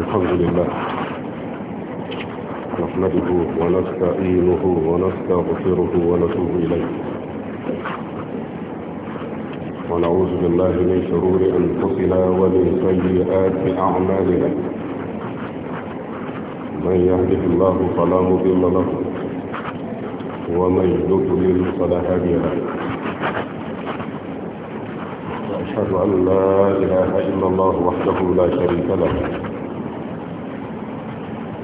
الحمد لله نحمده ونستعينه ونستغفره ونتوب إليه ونعوذ بالله من شرور أنفسنا ومن سيئات أعمالنا من يهده الله فلا مضل له ومن يضلل فلا هادي له وأشهد أن لا إله إلا الله وحده لا شريك له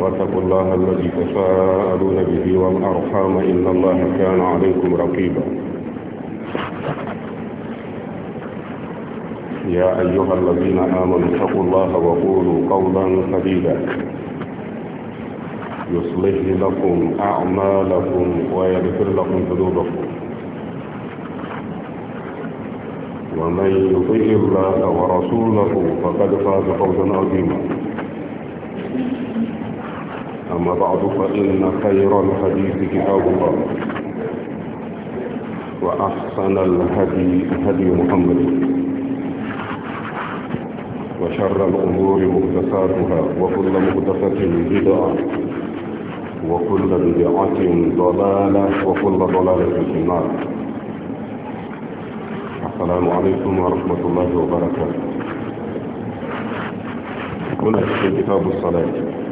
واتقوا الله الذي تساءلون به والأرحام إن الله كان عليكم رقيبا يا أيها الذين آمنوا اتقوا الله وقولوا قولا سديدا يصلح لكم أعمالكم ويغفر لكم ذنوبكم ومن يطيع الله ورسوله فقد فاز فوزا عظيما أما بعد فإن خير الحديث كتاب الله وأحسن الهدي هدي محمد وشر الأمور مهدساتها وكل مهدسة بدعة وكل بدعة ضلالة وكل ضلالة في النار السلام عليكم ورحمة الله وبركاته هنا في كتاب الصلاة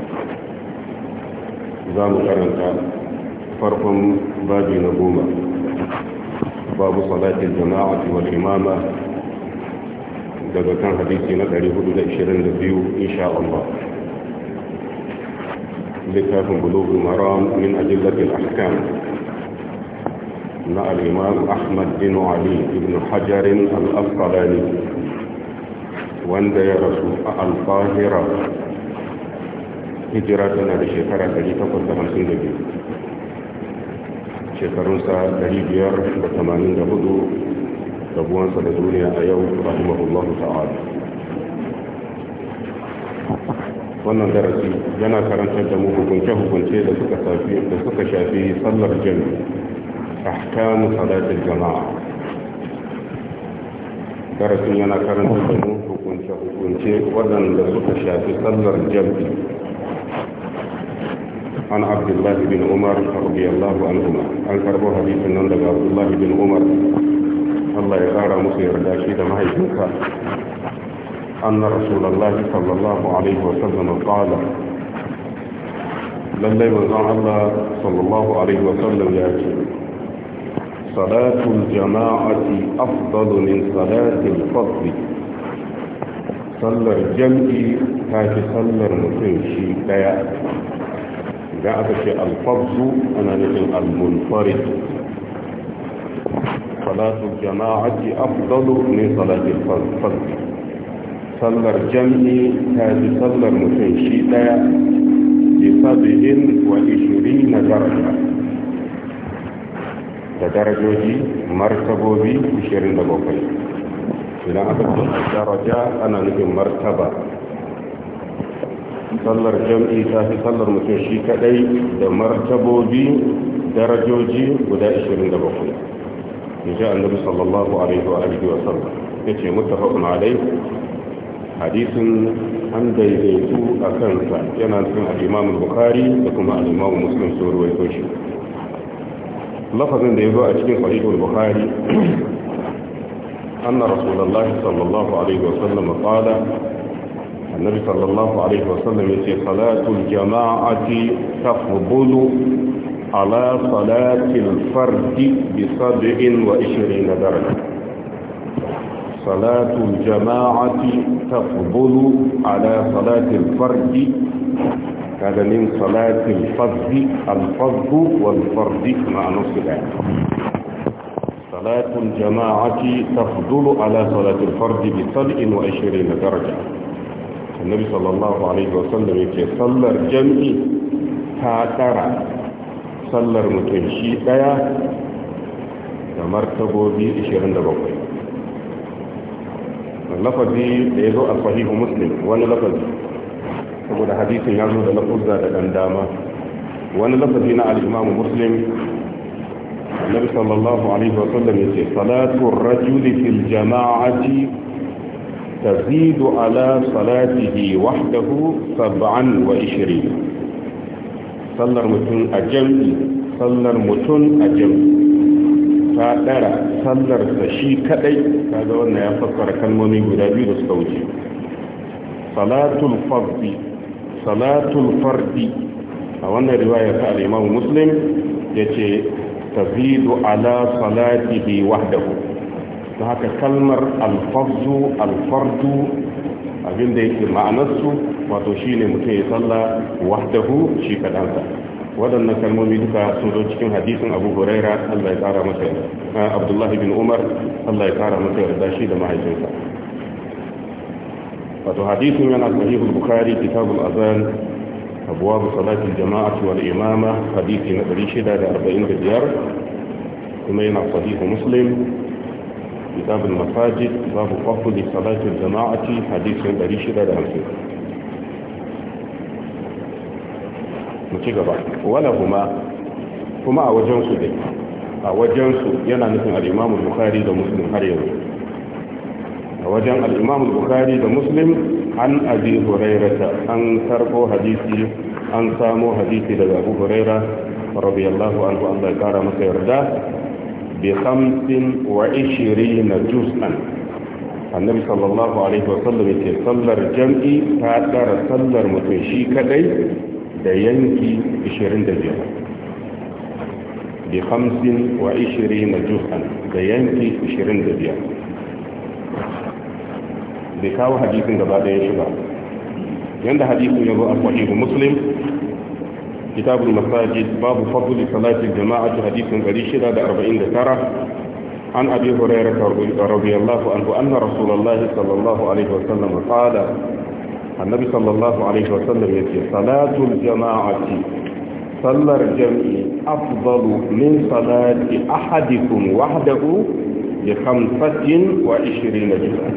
za mu karanta farkon babi na goma babu salatin jama'ati wal imama daga kan hadisi na 422 insha Allah littafin bulugul maram min ajillatil ahkam na al-imam Ahmad bin Ali ibn Hajar al-Asqalani wanda ya rasu a al hijira tana da shekara 852 shekarunsa 584 rabuwansa da duniya a yau rahimahullahu ta'ala wannan darasi yana karantar da mu hukunce-hukunce da suka shafi sallar jami'a ahkamu salatul jama'a darasin yana karantar da mu hukunce-hukunce waɗanda suka shafi sallar jami'a عن عبد الله بن عمر رضي الله عنهما عن كربو حديث عن عبد الله بن عمر الله يقرأ مصير داشيد ما يشوف أن رسول الله صلى الله عليه وسلم قال للي وزع الله صلى الله عليه وسلم يأتي صلاة الجماعة أفضل من صلاة الفضل صلى الجمع تاكي صلى المسلم شيء جعبك الفضل أنا لكن المنفرد صلاة الجماعة أفضل من صلاة الفضل صلى الجمعي هذه صلى المتنشيطة بسبع وعشرين درجة درجة مركبة بإشرين درجة إلى أبدا درجة أنا لكن مرتبة sallar jam'i ta fi sallar mutum shi kadai da martabobi darajoji guda 27 in ji annabi sallallahu alaihi wa alihi wa sallam yace muttafaqun alai hadisin an daidaitu a kansa yana cikin al-imam bukhari da kuma al-imam muslim sun ruwaito shi lafazin da ya zo a cikin sahih al-bukhari anna rasulullahi sallallahu alaihi wa sallam qala النبي صلى الله عليه وسلم يقول صلاة الجماعة تفضل على صلاة الفرد بسبع وعشرين درجة صلاة الجماعة تفضل على صلاة الفرد هذا من صلاة الفرد الفرد والفرد مع نص الآية صلاة الجماعة تفضل على صلاة الفرد بسبع وعشرين درجة annabi sallallahu alaihi wasallam yake sallar jami'i ta tara sallar mutum shi daya da martabobi 27 lafazi da ya zo a sahihu muslim wani lafazi saboda hadisin ya zo da lafuzza da dan dama wani lafazi na al muslim annabi sallallahu alaihi wasallam yace salatu rajuli fil jama'ati تزيد على صلاته وحده سبعا وعشرين صلى متن أجمع صلى متن أجمع ta ɗara sallarsa shi kaɗai ta ga wannan ya fassara kalmomi guda biyu da suka wuce salatul fardi a wannan riwaya ta al'imamu muslim tazidu ala salatihi wahdahu ta haka kalmar alfazu alfardu abinda yake ma'anarsu wato shi ne mutum ya tsalla wadahu shi kaɗansa waɗannan kalmomi duka sun zo cikin hadisin abu huraira allah ya ƙara masa yarda ah, abdullahi bin umar allah ya tsara masa yarda shi da mahaifinsa wato hadisin yana sahihul bukhari kitabul azan أبواب صلاة الجماعة والإمامة imama hadisi na 45 Kuma yana صحيح muslim كتاب المساجد باب فضل صلاة الجماعة حديث دريش درامسي متجبا ولهما هما وجنس دي وجنس ينا نفن الإمام البخاري ده مسلم هريم وجن الإمام البخاري ده مسلم عن أبي هريرة أن تربو حديثي أن سامو حديثي لأبو هريرة رضي الله عنه أن ذكر مسيرده bi khamsin wa na juz'an annabi sallallahu alaihi wa sallam yace sallar jam'i ta tsara sallar mutum shi kadai da yanki 25 bi khamsin wa ishirina juz'an da yanki 25 bai kawo hadisin gaba ɗaya shi ba yanda hadisin ya zo a sahihu muslim كتاب المساجد باب فضل صلاة الجماعة حديث غريشنا دا أربعين دكارة عن أبي هريرة رضي الله عنه أن رسول الله صلى الله عليه وسلم قال النبي صلى الله عليه وسلم يقول صلاة الجماعة صلى الجمع أفضل من صلاة أحدكم وحده بخمسة وعشرين جزءا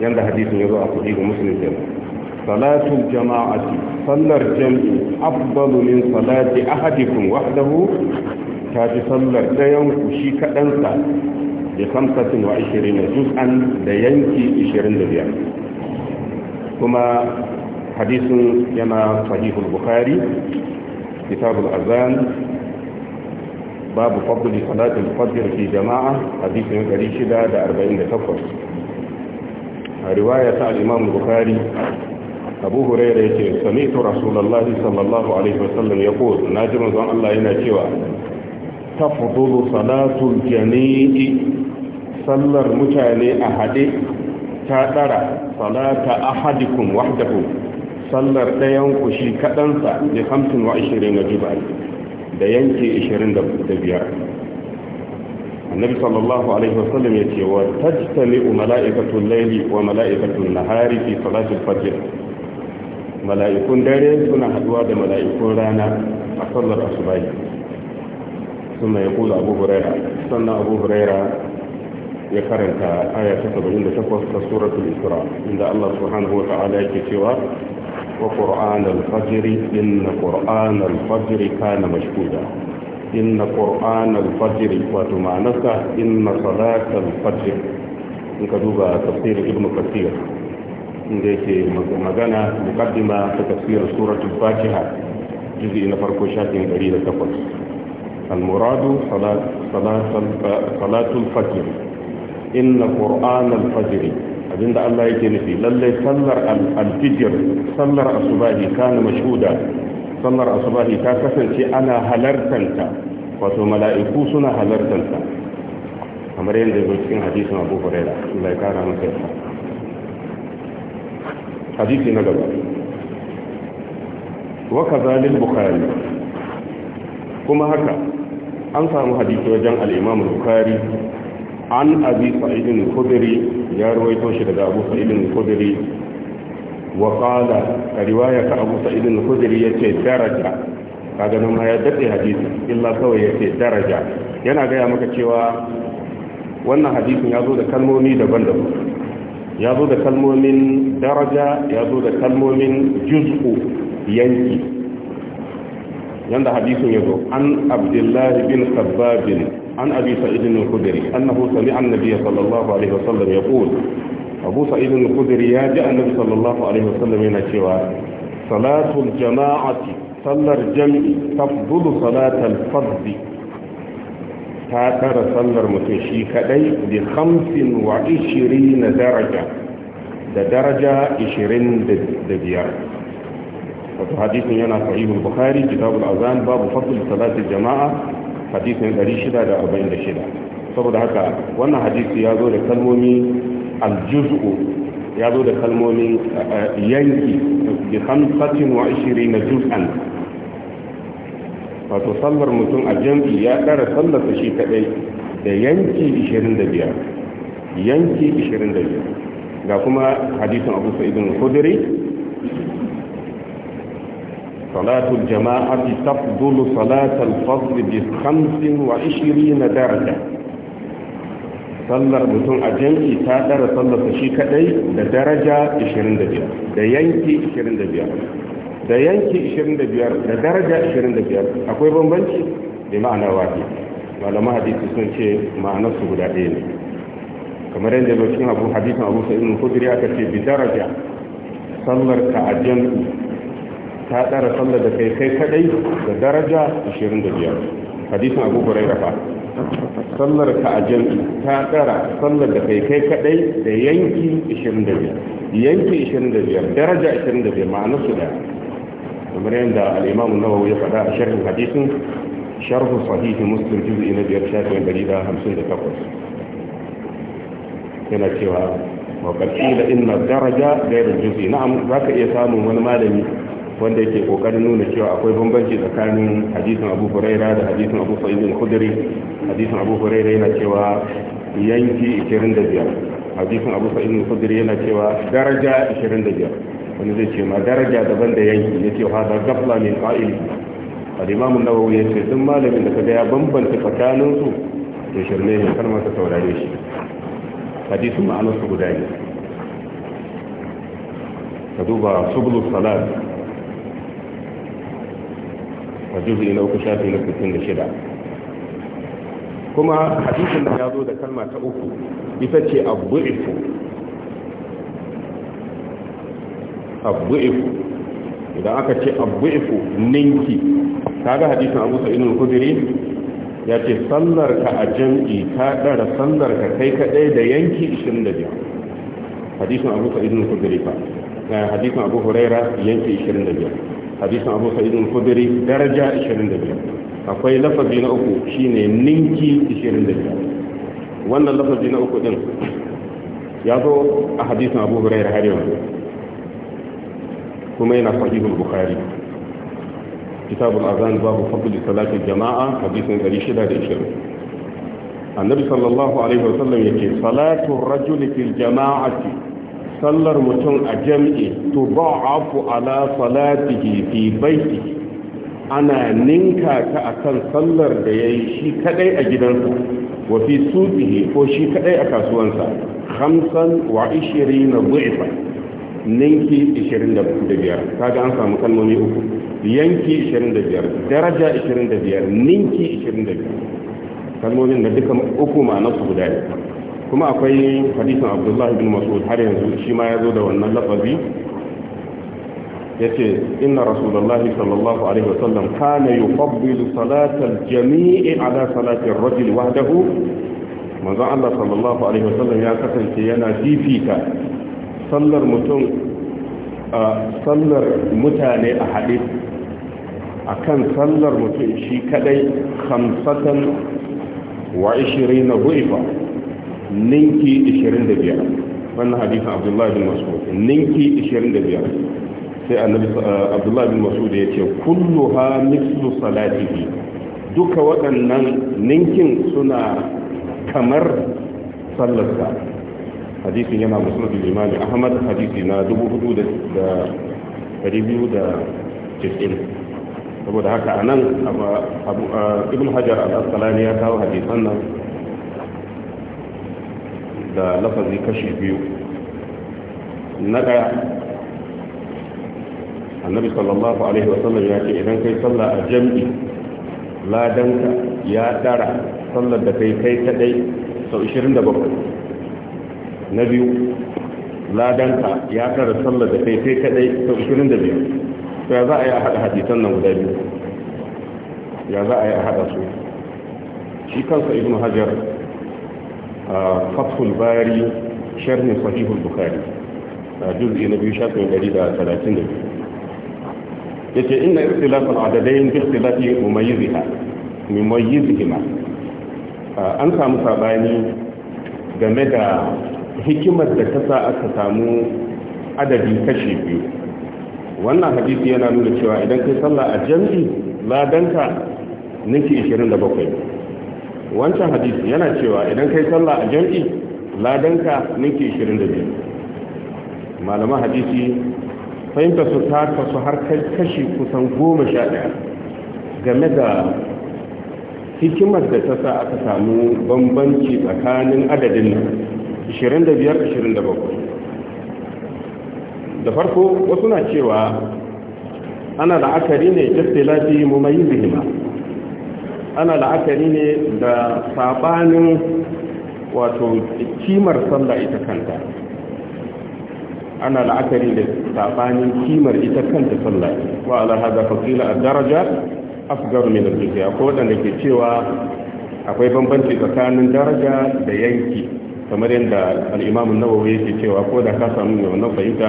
يندى حديث يضع صحيح مسلم صلاة الجماعة sallar jam'i afdalu min salati ahadikum wahdahu ta fi sallar ɗayan ku shi kaɗansa da samsatin wa ashirin da juz'an da yanki ashirin da biyar kuma hadisin yana sahihul bukhari kitabul azan babu fadli salatul fajr fi jama'a hadisin 648 a riwaya ta al-imam bukhari abu huraira ce sami'tu rasulullahi sallallahu alaihi wasallam na naji manzon Allah yana cewa ta tafdulu salatul jami'i sallar mutane a hade ta dara salata ahadikum wahdahu sallar dayan ku shi kadansa bi 25 jibal da yanke 25 النبي صلى الله عليه وسلم يتي وتجتمع ملائكة الليل وملائكة النهار في صلاة الفجر mala'ikun dare suna haduwa da mala'ikun rana a sallar asubahi suna ya kula abu huraira sannan abu huraira ya karanta aya ta 78 ta suratul isra inda Allah subhanahu wa ta'ala yake cewa wa qur'an al-fajr inna qur'an al-fajr kana mashhuda inna qur'an al-fajr wato ma'anarsa inna salat al-fajr in ka duba tafsirin ibnu kathir inda yake magana mukaddima ta tafsirin suratul fatiha juz'i na farko shafin 108 al-muradu salatul fajr inna qur'an al-fajr abinda Allah yake nufi lalle sallar al-fajr sallar asubahi kana mashhuda sallar asubahi ta kasance ana halartanta wato mala'iku suna halartanta kamar yadda zo cikin hadisin Abu Hurairah Allah ya kara masa hadisi na gaba wa kazalil bukhari kuma haka an samu hadisi wajen al-imam bukhari an abi sa'id al ya rawaito shi daga abu sa'id al-khudri wa qala riwaya ka abu sa'id al-khudri yace daraja kaga nan ma ya daɗe hadisi illa kawai yace daraja yana gaya maka cewa wannan hadisin ya zo da kalmomi daban-daban ya zo da kalmomin daraja ya zo da kalmomin juz'u yanki yanda hadisin ya zo an abdullahi bin kabbabin an abi sa'idin al-khudri annahu sami'a an annabiya sallallahu alaihi wasallam yaqul abu sa'idin al-khudri ya ji annabi sallallahu alaihi wasallam yana cewa salatul jama'ati sallar jam'i tafdulu salatal fardhi ta tara sallar mutum shi kadai bi hamsin wa ishiri na daraja da daraja ishirin da biyar wato hadisin yana sahihul bukhari kitabul azan babu fadl salatul jama'a hadisin 646 saboda haka wannan hadisi ya zo da kalmomi aljuz'u ya zo da kalmomin eh, yanki bi hamsatin wa ishirin na juz'an wato sallar mutum a jam'i ya ƙara sallarsa shi kaɗai da yanki 25 yanki 25 ga kuma hadisun abu sa'idun hudiri salatul jama'a jama'ati tafdulu salatul fasl bi 25 daraja sallar mutum a jam'i ta ɗara sallarsa shi kaɗai da daraja 25 da yanki 25 da yanki 25 da daraja 25 akwai bambanci da ma'ana wahi malama hadisi sun ce ma'anar su guda ɗaya ne kamar yadda cikin abu hadisin abu sa'in kudiri aka ce bi daraja sallar ka a jam'i ta ɗara sallar da kai kai kadai da daraja 25 hadisin abu kurai fa sallar ka a jam'i ta ɗara sallar da kai kai kadai da yanki 25 yanki 25 daraja 25 ma'anar su da kamar yadda al'imamun nawa ya faɗa a sharhin hadisun sharhu sahihi muslim juz'i na biyar shafi dari da hamsin da takwas yana cewa mafarki da inna daraja gairin juz'i na'am za ka iya samun wani malami wanda yake kokarin nuna cewa akwai bambanci tsakanin hadisin abu huraira da hadisin abu sa'id kudiri khudri hadisin abu huraira yana cewa yanki 25 hadisin abu sa'id kudiri yana cewa daraja 25 wani zai ce ma daraja daban da yanki ya ce hada gafla ne qa'ili al-imam an-nawawi ce duk malamin da kaga ya bambanta tsakanin da shirme ne kar ma saurare shi hadisin ma'anar su guda ne ka duba subul salat a juzi na uku shafi na da shida. kuma hadisin da ya zo da kalma ta uku ita ce abu ifu abu'ifu idan aka ce abu'ifu ninki kaga hadisin Abu Sa'id al ya ce sallar ka a jam'i ta dara sallar ka kai kaɗai da yanki 25 hadisin Abu Sa'id al-Khudri fa hadisin Abu Huraira yanki 25 hadisin Abu Sa'id al-Khudri daraja 25 akwai lafazi na uku shine ninki 25 wannan lafazi na uku din ya zo a hadisin Abu Huraira har yanzu kuma yana sahihul bukhari kitabul azan babu fadl salatin jama'a hadisin 620 annabi sallallahu alaihi wasallam yake salatu rajuli fil jama'ati sallar mutum a jam'i tudha'afu ala salatihi fi baitihi ana ninka ta akan sallar da yayi shi kadai a gidansa wa fi ko shi kadai a kasuwansa khamsan wa 20 dhi'fa ninki 25 kaga an samu kalmomi uku yanki 25 daraja 25 ninki 25 kalmomin da duka uku ma'anarsu guda ne kuma akwai hadisin abdullahi bin mas'ud har yanzu shi ma ya zo da wannan lafazi ya ce inna rasulullahi sallallahu alaihi wasallam kana yufaddilu salatal jami'i ala salatin rajul wahdahu manzon Allah sallallahu alaihi wasallam ya kasance yana fifita sallar mutum sallar mutane a haɗe a kan sallar mutum shi kadai hamsatan wa ishirin na bu'ifa ninki ishirin da biyar wannan hadisun abdullahi bin masud ninki ishirin da biyar sai abdullahi bin da ya ce kullu ha mislu salatihi duka waɗannan ninkin suna kamar sallarsa hadisin yana musulun imami ahmad hadisi na cikin saboda haka a nan ibn hajar al-asqalani ya kawo hadisan nan da lafazi kashi biyu na ɗaya annabi sallallahu alaihi wasallam ya ce idan kai sallah a jam'i ladanka ya dara sallar da kai kai kadai sau 27 na biyu ladanka ya kara sallar da kai sai kadai sau 22 to ya za a yi a haɗa hadisan nan guda biyu ya za a yi a haɗa su shi kansa ibn hajar a fathul bari sharhin sahihul bukhari a juz'i na biyu shafin ɗari da talatin da biyu ya ce ina istilafin adadain bi istilafi mumayyiziha mumayyizihima an samu sabani game da hikimar da ta sa aka samu adadi kashi biyu wannan hadisi yana nuna cewa idan kai sallah a jam'i ladanka ninki 27 wancan hadisi yana cewa idan kai sallah a jam'i ladanka ninki 22 malaman hadisi fahimta su ta kasu har kashi kusan 11 game da hikimar da ta sa aka samu bambanci tsakanin adadin nan 25-27 da farko wasu na cewa ana la'akari ne jastilafi mumayin bihima ana la'akari ne da sabanin wato kimar sallah ita kanta ana la'akari da sabanin kimar ita kanta sallah wa ala hada fasila a daraja afgar min al-jiziya ko waɗanda ke cewa akwai bambanci tsakanin daraja da yanki kamar yadda al'imamun nawawi yake cewa ko da ka samu mai wannan fahimta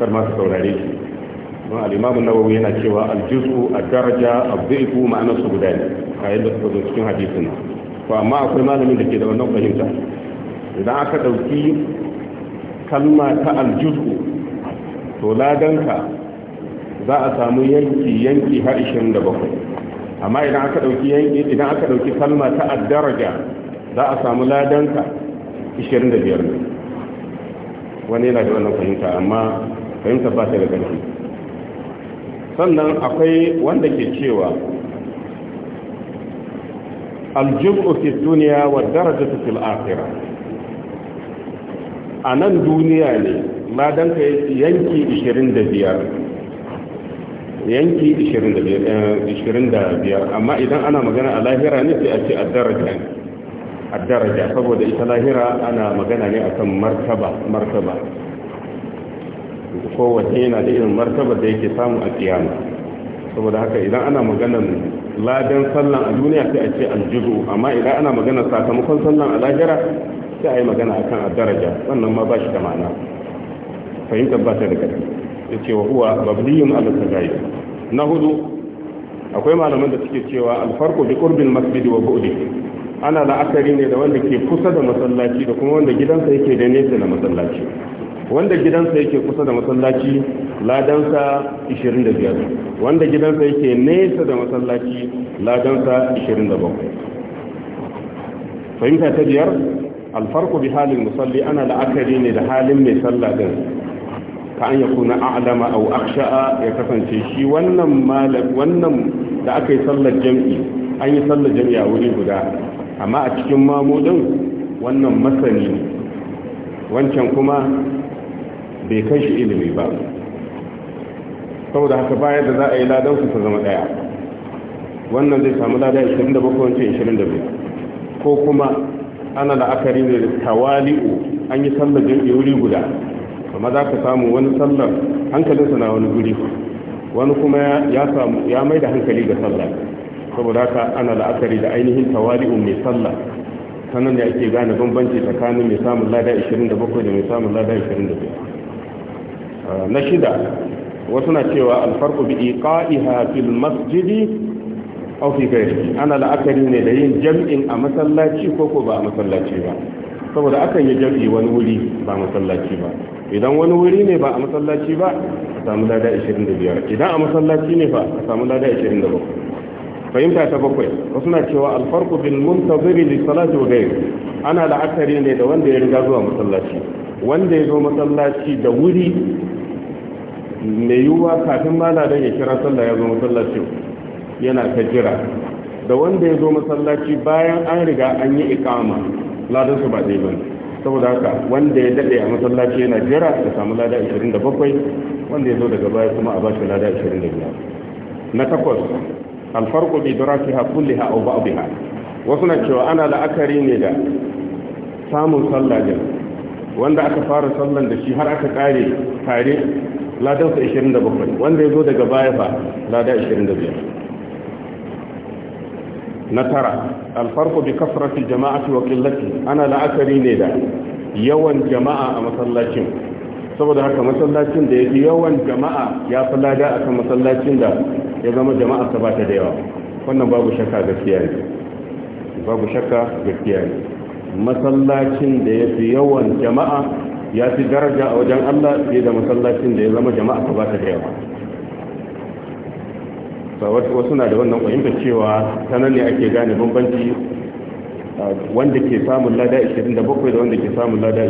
kar ma ka saurare shi don al'imamun nawawi yana cewa aljuzu a daraja abdu'iku ma'anar su guda ne a yadda suka zo cikin hadisin ko amma akwai malamin da ke da wannan fahimta idan aka ɗauki kalma ta aljuzu to ladanka za a samu yanki yanki har bakwai amma idan aka ɗauki yanki idan aka ɗauki kalma ta addaraja za a samu ladanka 25 ne wani yana da wannan fahimta amma fahimta ba ta da ƙarfi sannan akwai wanda ke cewa aljub'u fi duniya wa darajatu fil akhirah a nan duniya ne ladan ka yanki 25 yanki 25 eh, amma idan ana magana a lahira ne sai a ce a daraja addaraja saboda ita lahira ana magana ne akan martaba martaba kowace yana da irin martaba da yake samu a kiyama saboda haka idan ana maganan ladan sallan a duniya sai a ce aljuzu amma idan ana magana sakamakon sallan a lahira sai a yi magana akan addaraja wannan ma ba shi da ma'ana fahimtar ba ta da ƙarfi ya ce wa huwa babliyun al sagayi na hudu akwai malaman da suke cewa alfarko bi qurbin masjidi wa bu'dihi ana la'akari ne da wanda ke kusa da masallaci da kuma wanda gidansa yake da nesa da masallaci wanda gidansa yake kusa da masallaci ladansa 25 wanda gidansa yake nesa da masallaci ladansa 27 fahimta ta biyar alfarko bi halin musalli ana la'akari ne da halin mai sallah din ka an ya kuna a'lama au aksha'a ya kasance shi wannan malam wannan da aka yi sallar jam'i an yi sallar jam'i a wuri guda amma a cikin mamudin wannan masani wancan kuma bai kai shi ilimi ba saboda haka bayan da za a yi su ta zama daya wannan zai samu lada 27 wancan ko kuma ana la'akari ne da tawali'u an yi sallar jirgin wuri guda amma za ka samu wani sallar hankalinsa na wani guri wani kuma ya mai da hankali ga sallar saboda haka ana la'akari da ainihin tawali'un mai sallah sannan da ake gane bambanci tsakanin mai samun lada 27 da mai samun lada 25 ah, na shida wasu na cewa alfarku biɗi iqa'iha fil masjidi aw fi ghairihi ana la'akari ne da yin jam'in a masallaci ko ko ba a masallaci ba saboda akan yi jam'i wani wuri ba a masallaci ba idan wani wuri ne ba a masallaci ba a samu lada 25 idan a masallaci ne ba a samu lada 27 fahimta ta bakwai wasu na cewa alfarku bin muntaziri li salatu wa gairu ana la'akari ne da wanda ya riga zuwa masallaci wanda ya zo masallaci da wuri mai yiwuwa kafin malamin ya kira sallah ya zo masallaci yana ta jira da wanda ya zo masallaci bayan an riga an yi ikama ladan su ba zai bane saboda haka wanda ya dade a masallaci yana jira da samu lada 27 wanda ya zo daga baya kuma a ba shi lada 25 na takwas alfarko bi durakiha kulliha aw ba'dha wasu na cewa ana la'akari ne da samun sallah din wanda aka fara sallan da shi har aka kare tare ladan sa 27 wanda ya zo daga baya ba lada 25 na tara alfarko bi kasrati jama'ati wa qillati ana la'akari ne da yawan jama'a a masallacin saboda haka masallacin da ya fi yawan jama'a ya fi lada a masallacin da ya zama jama'a ta ba ta da yawa wannan babu shakka gaskiya ne babu shakka gaskiya ne masallacin da ya fi yawan jama'a ya fi daraja a wajen Allah fiye da masallacin da ya zama jama'a ta ba ta da yawa wasu na da wannan fahimtar cewa ta nan ne ake gane bambanci wanda ke samun lada 27 da wanda ke samun lada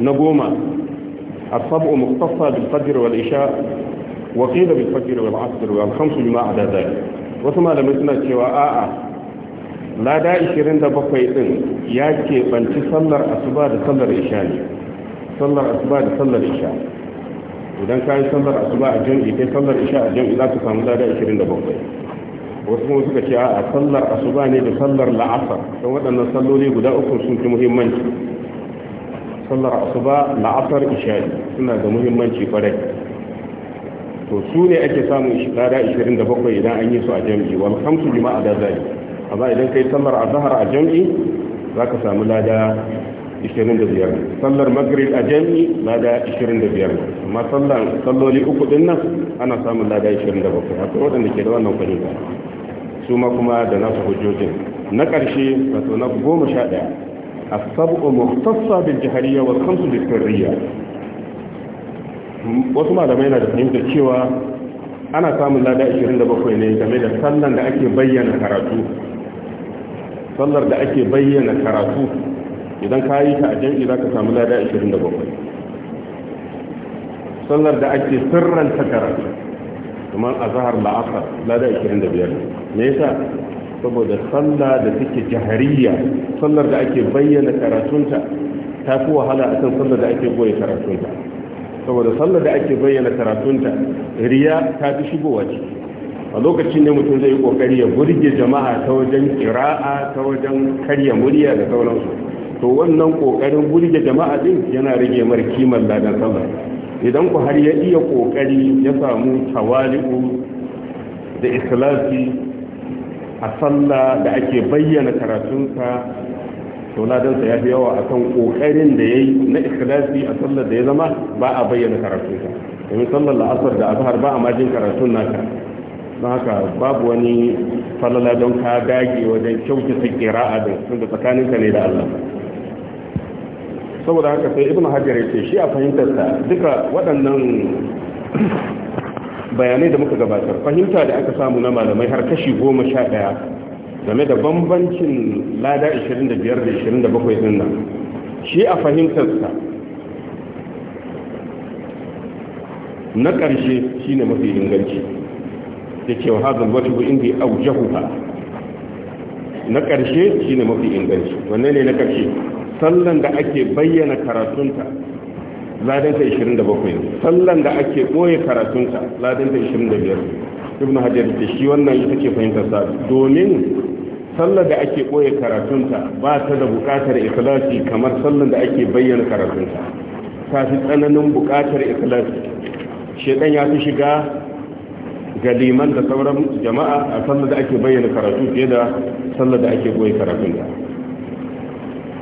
25 na goma asabu muktasa bil fajr wal isha wa qila bil fajr wal asr wal khams bima ada zalik wasu malamai suna cewa a'a lada 27 din ya ke banci sallar asuba da sallar isha ne sallar asuba da sallar isha idan ka yi sallar asuba a jami'i kai sallar isha a jami'i za ka samu lada 27 wasu kuma suka ce a'a sallar asuba ne da sallar la'asar don waɗannan salloli guda uku sun fi muhimmanci sallar asuba la'asar isha suna da muhimmanci kwarai to su ne ake samun shekara 27 idan an yi su a jam'i wal hamsu bi ma'ada zali amma idan kai sallar azhar a jam'i zaka samu lada 25 sallar maghrib a jam'i lada 25 amma sallan salloli uku din nan ana samun lada 27 akwai wadanda ke da wannan ba su ma kuma da nasu hujjojin na ƙarshe wato na goma sha ɗaya a sabu muhtassa bil jihariya wa kansu bil sirriya wasu malamai na da fahimtar cewa ana samun lada 27 ne game da sallan da ake bayyana karatu sallar da ake bayyana karatu idan ka yi ta a jam'i za ka samu lada 27 sallar da ake sirranta karatu kamar a zahar la'asar lada 25 me yasa saboda sallar da take jahariya sallar da ake bayyana karatunta ta fi wahala akan sallar da ake goye karatunta saboda sallar da ake bayyana karatunta riya ta fi shigowa ciki a lokacin ne mutum zai yi kokari ya burge jama'a ta wajen kira'a ta wajen karya murya da sauransu to wannan kokarin burge jama'a din yana rage mar kimar ladan sallar. idan ku har ya iya kokari ya samu tawali'u da ikhlasi a sallah da ake bayyana karatunta to ya fi yawa a kan kokarin da ya yi na ikilasi a sallar da ya zama ba a bayyana karatunsa domin sallar la'asar da azahar ba a majin karatun naka don haka babu wani falala don ka dage wajen kyautata a din tunda tsakaninka ne da Allah saboda haka sai ibn hajar ce shi a fahimtarsa duka waɗannan bayanai da muka gabatar fahimta da aka samu na malamai har kashi goma sha ɗaya game da bambancin lada 25 da 27 din nan shi a fahimtarsa na ƙarshe shi ne mafi inganci da cewa wa hazin wata bu inda aujahu ba na ƙarshe shi ne mafi inganci wannan ne na ƙarshe sallan da ake bayyana karatunta ladanta 27 sallan da ake ɓoye karatunta ladanta 25 ibn hajar da shi wannan ita ce fahimtar sa domin sallar da ake karatun karatunta ba ta da buƙatar ikhlasi kamar sallar da ake bayyana karatunta ta fi tsananin buƙatar ikhlasi shedan ya fi shiga ga liman da sauran jama'a a sallar da ake bayyana karatu fiye da sallar da ake karatun karatunta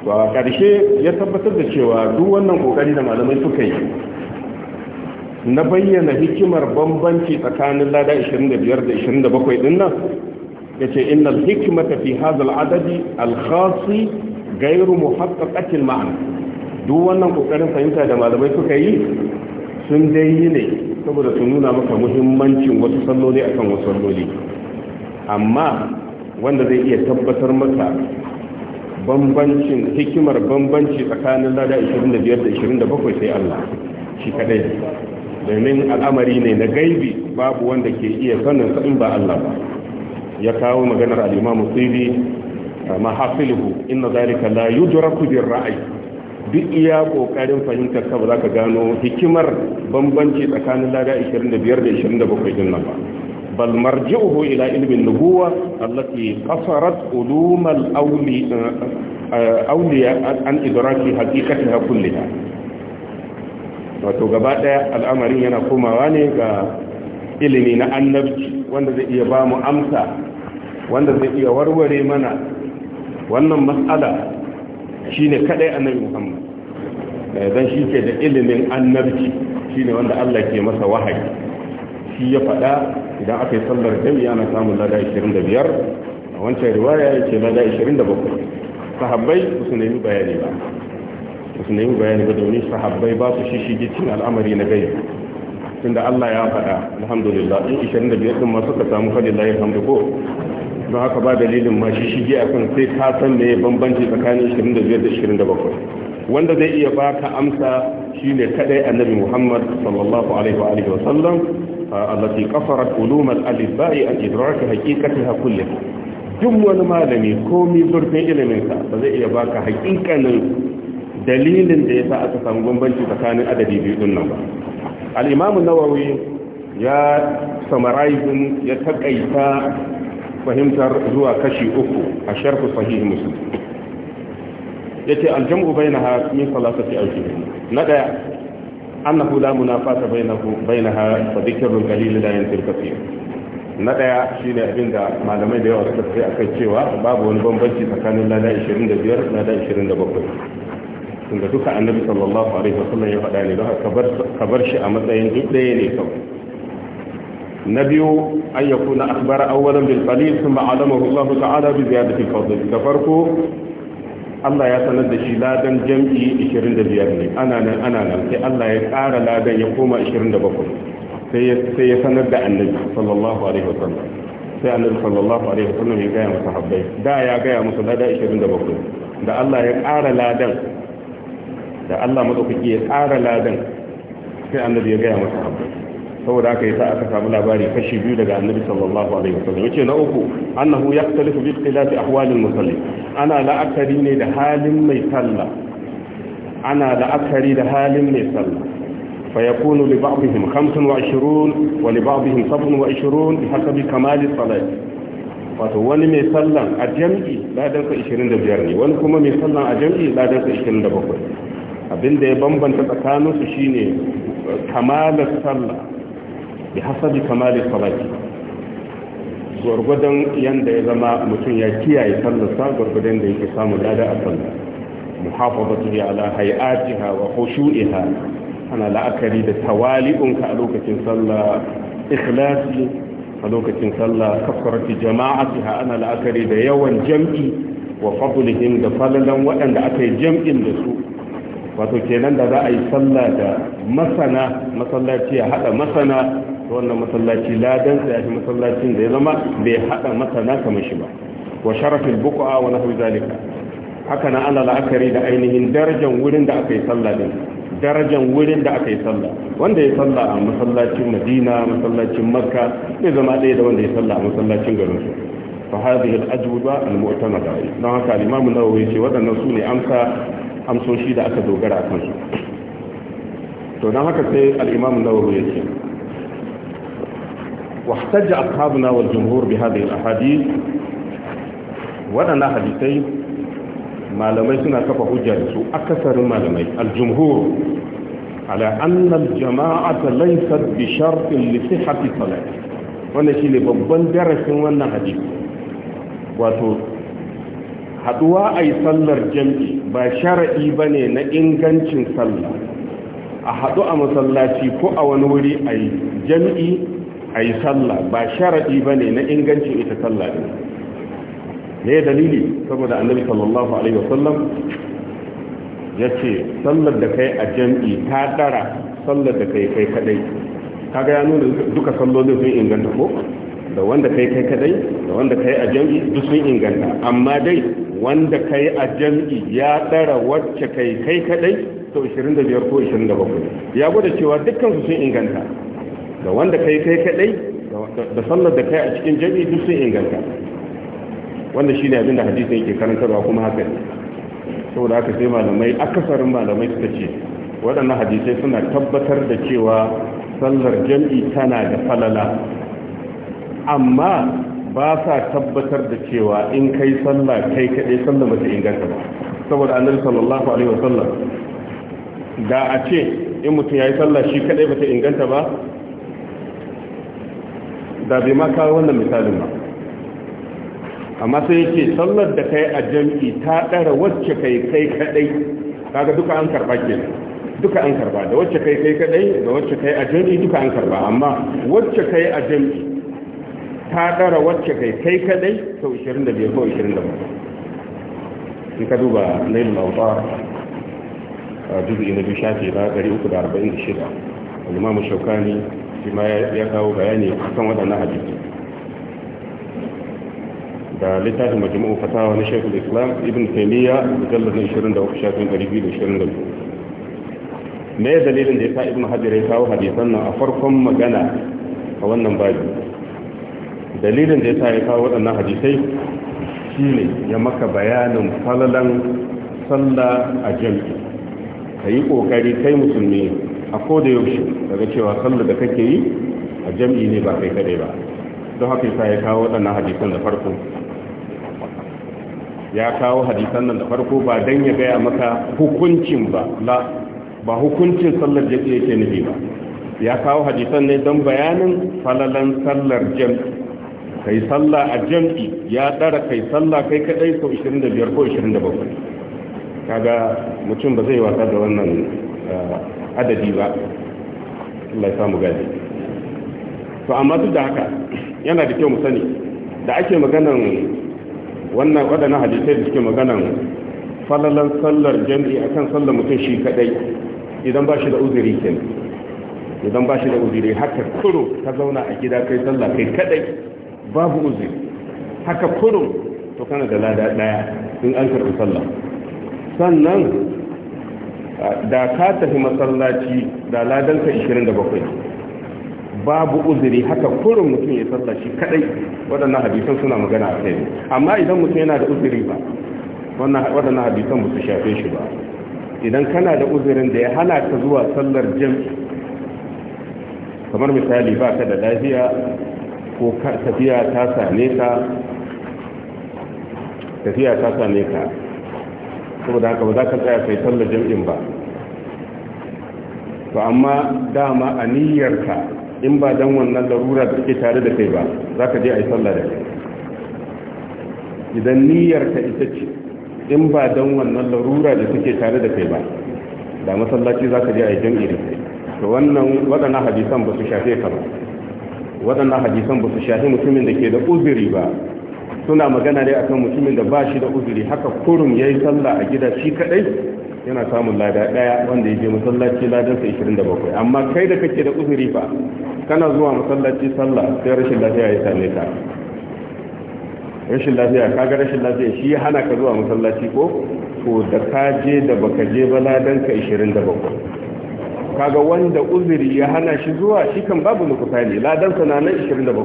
ba ƙarshe ya tabbatar da cewa duk wannan kokari da malamai suka yi na bayyana hikimar bambanci tsakanin lada 25 da 27 din nan yace hikima ta fi hazal al-adadi al gairu ghayru muhaqqaqati ƙakin mana duk wannan kokarin fahimta da malamai suka yi sun dai yi ne saboda su nuna maka muhimmancin wasu salloli akan wasu salloli amma wanda zai iya tabbatar maka bambancin hikimar bambanci tsakanin lada 25 da 27 sai Allah shi kadai domin al'amari ne na gaibi babu wanda ke iya sanin sa ba Allah ba ya kawo maganar al-Imam Sidi ah, ma hasiluhu inna zalika la yudraku bir ra'i duk iya kokarin fahimtar ka ba za ka gano hikimar bambanci tsakanin lada 25 da 27 din nan ba bal marji'uhu ila ilmin nubuwa allati qasarat ulum al-awliya ah, ah, an idraki haqiqatiha kullaha wato gaba daya al'amarin yana komawa ne ga ilimi na annabci wanda zai iya ba mu amsa wanda zai iya warware mana wannan matsala ne kadai annabi Muhammad zan eh, shi ke da ilimin annabci shi ne wanda Allah ke masa wahayi shi ya faɗa idan aka yi sallar jami'a na samun lada 25 a wancan riwaya ya ce lada 27 sahabbai su nemi bayani ba ba su na yi bayani ba domin sahabbai ba su shishige cin al'amari na gai tunda Allah ya faɗa alhamdulillah in 25 ɗin ma suka samu fadillahi alhamdu ko don haka ba dalilin ma shishige akan sai ka san me bambanci tsakanin 25 da 27 wanda zai iya baka amsa shine kadai annabi Muhammad sallallahu alaihi wa alihi wa sallam ah, allati qafarat ulum al-alibai an idraka haqiqataha kullaha duk wani malami ko komi zurfin iliminsa ba zai iya baka hakikanin dalilin da ya sa aka samu bambanci tsakanin adadi biyu din nan ba al-imam an-nawawi ya summarizing ya takaita fahimtar zuwa kashi uku a sharh sahih muslim yace al-jam'u bainaha min al awjih na daya annahu la munafasa bainahu bainaha fa al qalil la yanfil kathir na daya shine abinda malamai da yawa suka sai akai cewa babu wani bambanci tsakanin lada 25 lada 27 tunda duka annabi sallallahu alaihi wasallam ya faɗa ne don kabar kabar shi a matsayin duk ɗaya ne kawai na biyu an ya kuna akbara awwalan bil qalil thumma alamahu Allah ta'ala bi ziyadati fadl da farko Allah ya sanar da shi ladan jam'i 25 ne ana nan ana nan sai Allah ya ƙara ladan ya koma 27 sai ya sanar da annabi sallallahu alaihi wasallam sai annabi sallallahu alaihi wasallam ya ga masa habbai da ya ga musu lada 27 da Allah ya ƙara ladan da Allah madaukaki ya tsara ladan sai annabi ya gaya masa abu saboda haka sa aka samu labari kashi biyu daga annabi sallallahu alaihi wasallam yace na uku annahu yaqtalifu bi ikhtilafi ahwalil musalli ana la'akari ne da halin mai sallah ana la'akari da halin mai sallah فيكون لبعضهم 25 ولبعضهم 27 بحسب كمال الصلاه wato wani mai sallan a jam'i ladansa 25 ne wani kuma mai sallan a jam'i ladansa abinda ya bambanta tsakaninsu shine kamalar sallah bi hasabi kamalar salati gwargwadon yanda ya zama mutum ya kiyaye sallarsa gwargwadon da yake samun lada a sallah muhafazatu ya ala hay'atiha wa khushu'iha ana la'akari da tawali'unka a lokacin sallah ikhlasi a lokacin sallah kafarati jama'atiha ana la'akari da yawan jam'i wa fadlihim da falalan waɗanda aka yi jam'in da su wato kenan da za a yi sallah da masana masallaci ya haɗa masana to wannan masallaci ladan ya fi masallacin da ya zama bai haɗa masana kamar shi ba wa sharafin buku'a wa nahwi zalika haka na ana la'akari da ainihin darajan wurin da aka yi sallah din Darajan wurin da aka yi sallah wanda ya sallah a masallacin Madina masallacin Makka zai zama ɗaya da wanda ya sallah a masallacin garin su fa hadhihi al-ajwaba al-mu'tamada don haka al-imam ya nawawi ce waɗannan su ne amsa amsoshi da aka dogara a kansu to don haka sai al'imamu nawawi ya ce واحتج أصحابنا والجمهور بهذه الأحاديث waɗannan hadisai malamai suna kafa hujjar su akasarin malamai aljumhur ala annal jama'ata laysat bi shartin li sihhati salat wannan shine babban darasin wannan hadisi wato haduwa ai sallar jami'i ba sharaɗi ba ne na ingancin sallah a haɗu a masallaci ko a wani wuri a yi jam'i a yi sallah ba sharaɗi ba ne na ingancin ita sallah ne ne dalili saboda annabi sallallahu alaihi wasallam ya ce sallar da kai a jam'i ta ɗara sallar da kai kai kaɗai kaga ya nuna duka sallolin sun inganta ko da wanda kai kai kaɗai da wanda kai a jam'i duk sun inganta amma dai wanda kai a jam'i ya tsara wacce kai kai kadai to 25 ko 27 ya gwada cewa dukkan su sun inganta da wanda kai kai kadai da sallar da kai a cikin jam'i duk sun inganta wanda shine abin da hadisin yake karantarwa kuma haka ne saboda haka sai malamai akasarin malamai suka ce waɗannan hadisai suna tabbatar da cewa sallar jam'i tana da falala amma ba sa tabbatar da cewa in kai sallah kai kaɗai sallah ba ta inganta ba saboda annabi sallallahu alaihi wasallam da a ce in mutum ya yi sallah shi kaɗai ba ta inganta ba da bai ma kawo wannan misalin ba amma sai yake sallar da kai a jam'i ta ɗara wacce kai kai kaɗai kaga duka an karɓa ke duka an karɓa da wacce kai kai kaɗai da wacce kai a jam'i duka an karɓa amma wacce kai a jam'i ta wacce kai kai kadai sau 25 ko 27 in ka duba nailul autar a juzi na biyu shafi na 346 alimamu shaukani shi ma ya kawo bayani a kan waɗannan hadisi da littafin majmu'u fatawa na shekul islam ibn taimiyya jallar na 23 shafin 222 me dalilin da ya sa ibn hajar ya kawo hadisan nan a farkon magana a wannan babu dalilin da ya sa ya kawo waɗannan hadisai shi ne ya maka bayanin falalan sallah a jam'i ka yi ƙoƙari kai musulmi a koda yaushe daga cewa sallah da kake yi a jam'i ne ba kai kaɗai ba don haka sa ya kawo waɗannan hadisan da farko ya kawo hadisan nan da farko ba don ya gaya maka hukuncin ba la ba hukuncin sallar jam'i yake nufi ba ya kawo hadisan ne don bayanin falalan sallar jam'i kai sallah a jam'i ya dara kai sallah kai kadai ko 25 ko 27 kaga mutum ba zai wasa da wannan eh, adadi ba Allah ya samu gadi to amma duk da haka yana da kyau mu sani da ake maganan wannan wadannan hadisai da suke maganan falalan sallar jam'i akan sallar mutum shi kadai idan ba shi da uzuri kenan idan ba shi da uzuri haka kuro ka zauna a gida kai sallah kai kadai babu uzuri haka kurum to kana da lada daya in an karɓi sallah sannan da ka tafi masallaci da ladanka 27 babu uzuri haka kurum mutum ya sallah shi kadai waɗannan hadisan suna magana a kai amma idan mutum yana da uzuri ba waɗannan hadisan ba su shafe shi ba idan kana da uzurin da ya hana ka zuwa sallar jami'i kamar misali ba ka da lafiya ko tafiya ta same ka tafiya ta same ka saboda haka ba za ka tsaya kai sallar jam'in ba to amma dama a niyyarka in ba dan wannan larura da take tare da kai ba za ka je a yi sallar da kai idan niyyarka ita ce in ba dan wannan larura da take tare da kai ba da masallaci za ka je a yi jam'i da kai to wannan waɗannan hadisan ba su shafe ka ba waɗannan hadisan ba su shafi mutumin da ke da uzuri ba suna magana dai akan mutumin da ba shi da uzuri haka kurum ya yi sallah a gida shi kaɗai yana samun lada ɗaya wanda ya je masallaci ladansa 27 amma kai da kake da uzuri ba kana zuwa masallaci sallah sai rashin lafiya ya same ka rashin lafiya kaga rashin lafiya shi ya hana ka zuwa masallaci ko to da ka je da baka je ba ladanka 27 kaga wanda uzuri ya hana shi zuwa shi kan babu lokuta ne ladan sana nan 27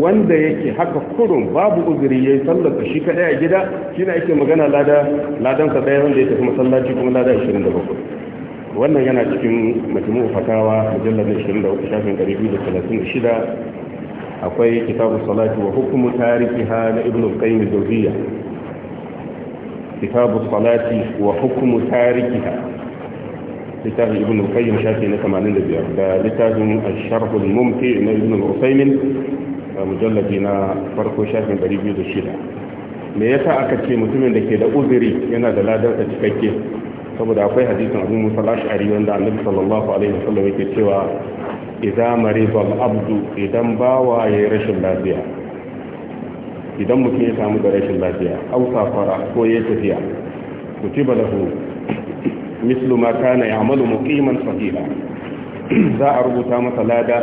wanda yake haka kurun babu uzuri ya sallar shi kadai a gida shi na ake magana lada ladan sa daya wanda ya tafi masallaci kuma lada 27 wannan yana cikin majmu fatawa na 23 shafin 236 akwai kitabu salati wa hukumu ha na ibnu qayyim al kitabu salati wa hukumu tarikiha littafin ibn al-qayyim shafi na 85 da littafin al-sharh al-mumti na ibn al-usaymin mujalladi na farko shafin 206 me yasa aka ce mutumin da ke da uzuri yana da ladar da cikakke saboda akwai hadisin abu musa al-ash'ari wanda annabi sallallahu alaihi wasallam yake cewa idza mariba al-abdu idan bawa ya yi rashin lafiya idan mutum ya samu da rashin lafiya au safara ko ya tafiya kutiba lahu mislu ma kana ya'malu muqiman sahira za a rubuta masa lada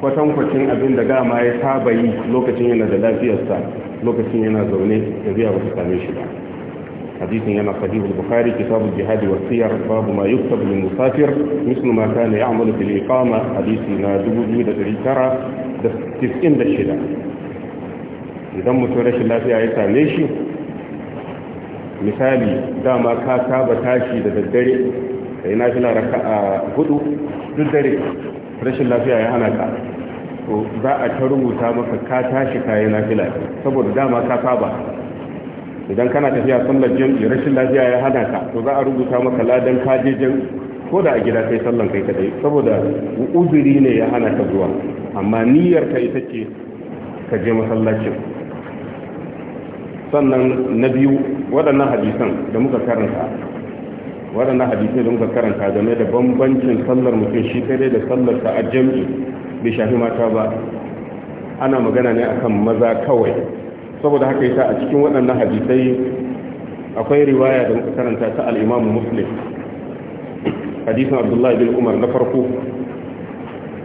kwatankwacin abinda da dama ya saba yi lokacin yana da lafiyarsa lokacin yana zaune da biya ba su same shi ba hadisin yana sahih al-bukhari kitab al-jihad wa siyar babu ma yuktab lil musafir mislu ma kana ya'malu bil iqama hadisi na idan mutum rashin lafiya ya same shi misali dama ka saba tashi da daddare kai na shi a hudu duk dare rashin lafiya ya hana ka to za a ta rubuta maka ka tashi kayan na fila saboda dama ka saba idan kana tafiya sallar jam'i rashin lafiya ya hana ka to za a rubuta maka ladan kajejin ko da a gida kai sallan kai kadai saboda uzuri ne ya hana ka zuwa amma niyyar ka ita ce ka je masallacin sannan na biyu waɗannan hadisan da muka karanta waɗannan hadisai da muka karanta game da bambancin sallar mutum shi kai da sallar ta a jami'i bai shafi mata ba ana magana ne akan maza kawai saboda haka yasa a cikin waɗannan hadisai akwai riwaya da muka karanta ta al-Imam Muslim hadisin Abdullah bin Umar na farko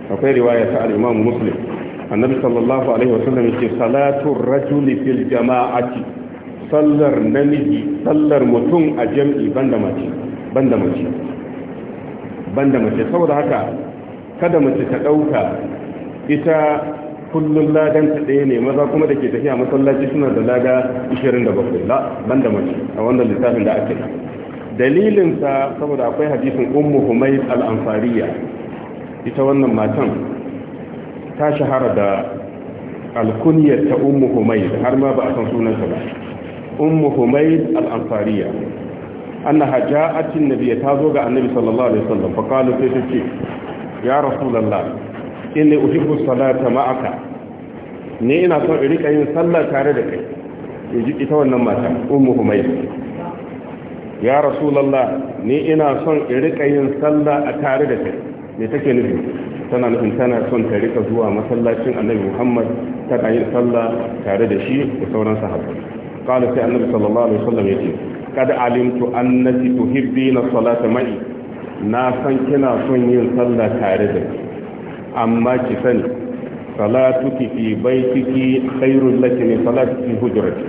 akwai riwaya ta al-Imam Muslim annabi sallallahu alaihi wasallam yake salatu rajuli fil jama'ati sallar namiji sallar mutum a jam'i banda mace banda mace banda mace saboda haka kada mace ta dauka ita kullun ladan ta ɗaya ne maza kuma da ke tafiya masallaci suna da lada 27 la banda mace a wannan littafin da ake dalilinsa saboda akwai hadisin ummu humayd al-ansariya ita wannan matan ta shahara da alkuniyar ta ummu humaid har ma ba a san sunanta ba ummu humaid al-ansariya annaha ja'at an-nabiy ta zo ga annabi sallallahu alaihi wasallam fa qalu sai ta ce ya rasulullah inni uhibbu salata ma'aka ne ina son in rika yin sallah tare da kai yaji ita wannan mata ummu humaid ya rasulullah ne ina son in rika yin sallah a tare da kai me take nufi tana nufin tana son ta rika zuwa masallacin annabi muhammad tana yin sallah tare da shi da sauran sahabbai qala sai annabi sallallahu alaihi wasallam yace kad alimtu annaki tuhibbina salata mai na san kina son yin sallah tare da ni amma ki sani salatuki fi baitiki khairul laki min salati fi hujrati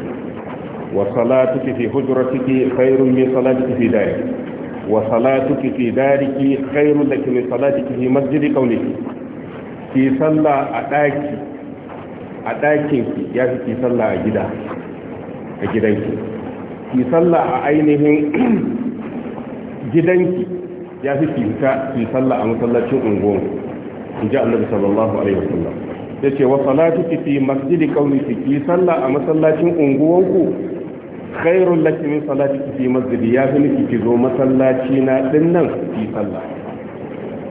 wa salatuki fi hujratiki khairun min salati fi dariki wa salatuki fi dariki khairun laki min salatiki fi masjidi qawliki ki sallah a daki a dakin ki ya fi ki sallah a gida a gidanki ki sallah a ainihin gidanki ya fi ki fita ki sallah a masallacin unguwan in ji annabi sallallahu alaihi wasallam yace wa salatuki fi masjidi qawliki ki sallah a masallacin unguwanku khairul laki min salati fi masjidi ya fi miki ki zo masallaci na din nan fi sallah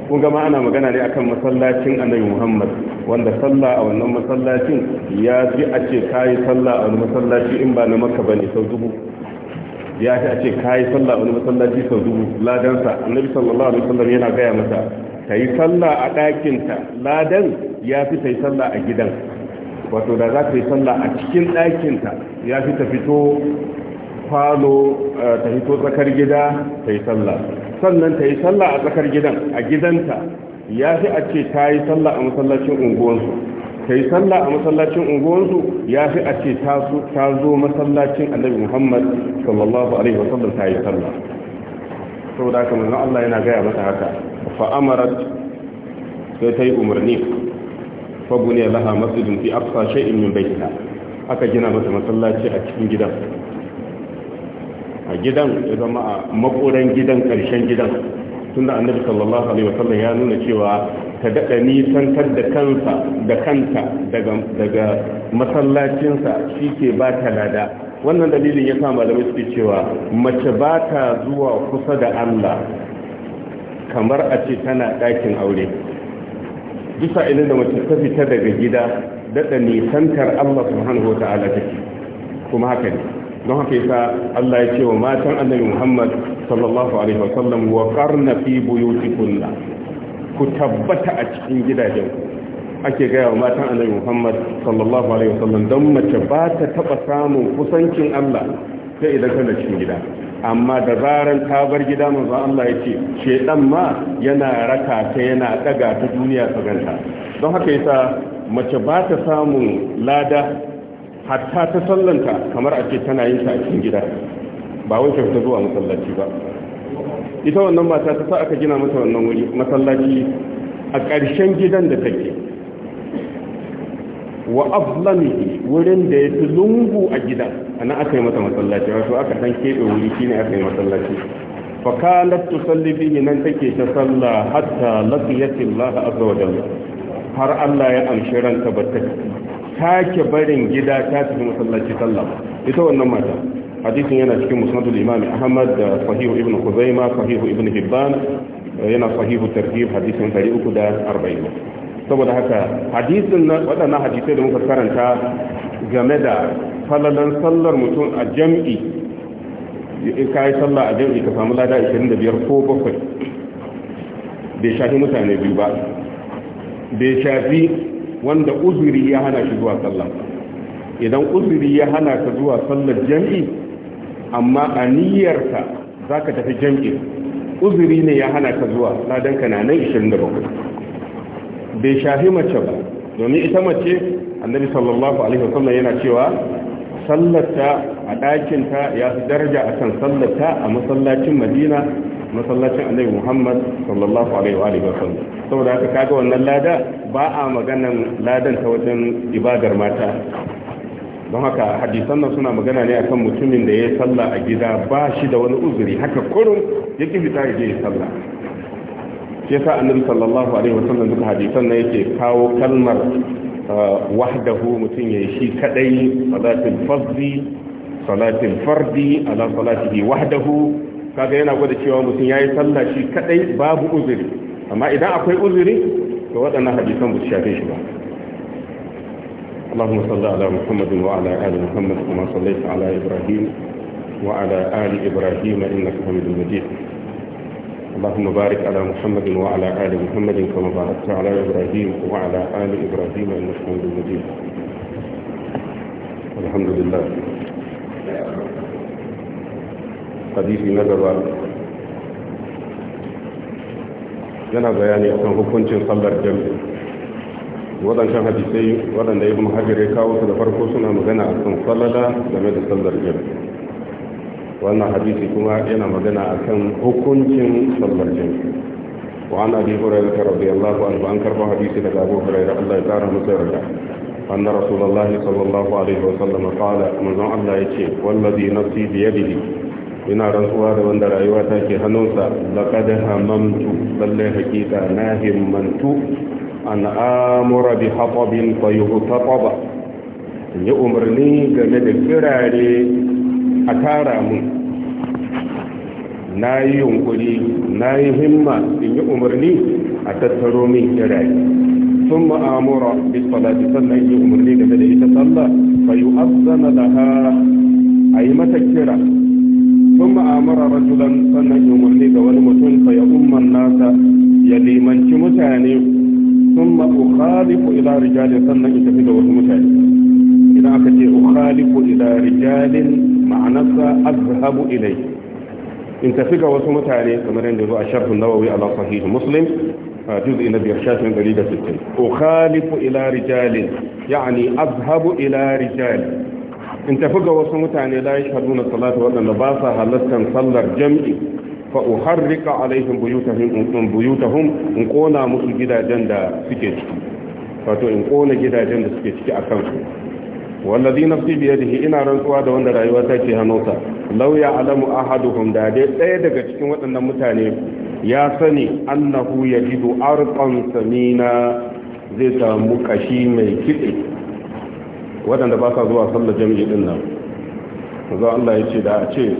kun ga ana magana ne akan masallacin annabi Muhammad wanda sallah a wannan masallacin ya fi a ce kai sallah a wani masallaci in ba na Makka bane sau dubu ya fi a ce kai sallah a wani masallaci sau dubu sa annabi sallallahu alaihi wasallam yana gaya mata ta yi sallah a ɗakinta ladan ya fi ta yi sallah a gidan wato da za ta yi sallah a cikin ɗakinta ya fi ta fito falo eh, ta fito tsakar gida ta yi sallah sannan ta yi sallah a tsakar gidan a gidanta ya fi a ce ta yi sallah a masallacin unguwansu ta yi sallah a masallacin unguwansu ya fi a ce ta zo masallacin annabi muhammad sallallahu alaihi wasallam ta yi sallah da haka manzon Allah yana gaya mata haka fa sai ta yi umarni fa buniya laha masjidun fi aqsa shay'in min baytiha aka gina mata masallaci a cikin gidan a gidan ya zama a makoran gidan karshen gidan tunda annabi sallallahu alaihi wasallam ya nuna cewa ta daɗa nisantar da kansa da kanta daga masallacinsa shi ke ba ta lada wannan dalilin ya sa malamai suke cewa mace ba ta zuwa kusa da allah kamar a ce tana ɗakin aure duk idan da mace ta fita daga gida daɗa nisantar Allah subhanahu wa ta'ala take kuma haka ne don haka yasa Allah ya ce wa matan annabi Muhammad sallallahu alaihi wa sallam wa qarna fi buyutikunna ku tabbata a cikin gidajen ake gaya wa matan annabi Muhammad sallallahu alaihi wa sallam don mace ba ta taba samun kusancin Allah sai idan tana cikin gida amma da zaran ta bar gida manzo Allah ya ce shedan ma yana raka ta yana daga ta duniya ta ganta don haka yasa mace ba ta samun lada hatta ta sallanta kamar a ce tana yin ta a cikin gida ba wai ta zuwa masallaci ba ita wannan mata ta sa aka gina mata wannan wuri masallaci a ƙarshen gidan da take wa aflamihi wurin da ya fi lungu a A ana aka yi masa masallaci wato aka dan keɓe wuri shi ne aka yi masallaci fakalar tusalli bihi nan take ta salla hatta laqiyatin laha azza wa jalla har Allah ya amshi ranta ba ta take barin gida ta tafi masallaci sallah ita wannan mata hadisin yana cikin musnadul imam ahmad da sahihu ibn khuzaima sahihu ibn hibban yana sahihu tarhib hadisin 340 saboda haka hadisin na, waɗannan hadisai da muka karanta game da falalan sallar mutum a jam'i in ka yi sallar a jam'i ka samu lada 25 ko 7 bai shafi mutane biyu ba bai shafi wanda uzuri ya hana shi zuwa sallar. idan uzuri ya hana ka zuwa sallar jam'i amma a niyyarka za ka tafi jam'i uzuri ne ya hana ka zuwa ladanka na nan 27 bai shafi mace ba domin ita mace annabi sallallahu alaihi wasallam yana cewa sallarta a ɗakinta ya fi daraja a kan sallata a masallacin madina masallacin annabi muhammad sallallahu alaihi wa sallam saboda haka kaga wannan lada ba a maganan ladan ta wajen ibadar mata don haka hadisan nan suna magana ne akan mutumin da ya yi sallah a gida ba shi da wani uzuri haka kurun yake fita ya je ya salla shi yasa annabi sallallahu alaihi wasallam duka hadisan na yake kawo kalmar uh, wahdahu mutum yayi shi kadai salatul fardhi salatul fardi ala salatihi wahdahu kaga yana gwada cewa mutum yayi sallah shi kadai babu uzuri amma idan akwai uzuri to waɗannan hadisan ba su shafe shi ba اللهم صل على محمد وعلى آل محمد كما صليت على إبراهيم وعلى آل إبراهيم إنك حميد مجيد اللهم بارك على محمد وعلى آل محمد كما باركت على إبراهيم وعلى آل إبراهيم إنك حميد مجيد الحمد لله حديثي نجبا yana bayani akan hukuncin sallar jami'i waɗancan hadisai waɗanda ibn hajar ya kawo su da farko suna magana akan sallada game da sallar jami'i wannan hadisi kuma yana magana akan hukuncin sallar jinsi وعن أبي هريرة رضي الله عنه أنكر حديث لك أبو هريرة الله تعالى مسيرك أن رسول الله صلى الله عليه وسلم قال Allah yace يتي والذي نفسي بيده ina rantsuwa da wanda rayuwa ta ke hannunsa laqad hamamtu lalle hakika na himmantu an amura bi hatabin fa yuhtababa ya umarni game da kirare a tara mun na yi yunkuri na yi himma in yi umarni a tattaro min kirayi sun ma'amura bisalati sannan yi umarni game da ita sallah yi azana da ha a yi mata kira sun ma'amura rajulan sannan yi umarni ga wani mutum ya umman nasa ya limanci mutane sun ma'ukhalifu ila rijalin sannan ita tafi da wasu mutane idan aka ce ukhalifu ila rijalin ma'anarsa azhabu ilai in tafi ga wasu mutane kamar yadda zuwa sharhun nawawi ala sahihu muslim juz'i na biyar shafin ɗari da sittin 160 ukhalifu ila rijalin yani azhabu ila rijalin in tafi ga wasu mutane la yashhaduna salatu wadanda ba sa halartar sallar jam'i fa uharrika alaihim buyutahum buyutahum in kona musu gidajen da suke ciki wato in kona gidajen da suke ciki akan su wallazi nafsi yadihi ina rantsuwa da wanda rayuwa ta ke hannunsa law alamu ahaduhum da dai ɗaya daga cikin waɗannan mutane ya sani annahu yajidu arqan samina zai samu kashi mai kitse waɗanda ba sa zuwa sallar jami'i din nan Allah ya ce da a ce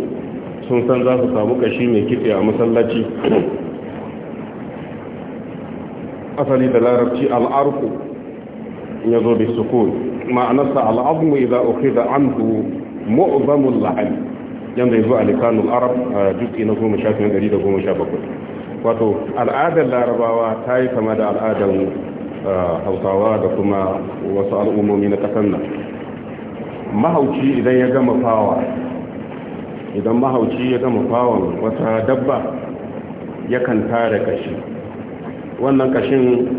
sun san za su samu kashi mai kitse a masallaci asali da larabci al'arku ya zo bi sukun ma'anarsa al'azmu idza ukhidha anhu mu'zamul la'an yanda yazo alikanul arab juz'i na 10117 wato al'adar larabawa ta yi kama da al'adar hausawa da kuma wasu al'ummomi na ƙasar nan mahauci idan ya gama fawa idan mahauci ya gama fawon wata dabba yakan tare kashi wannan kashin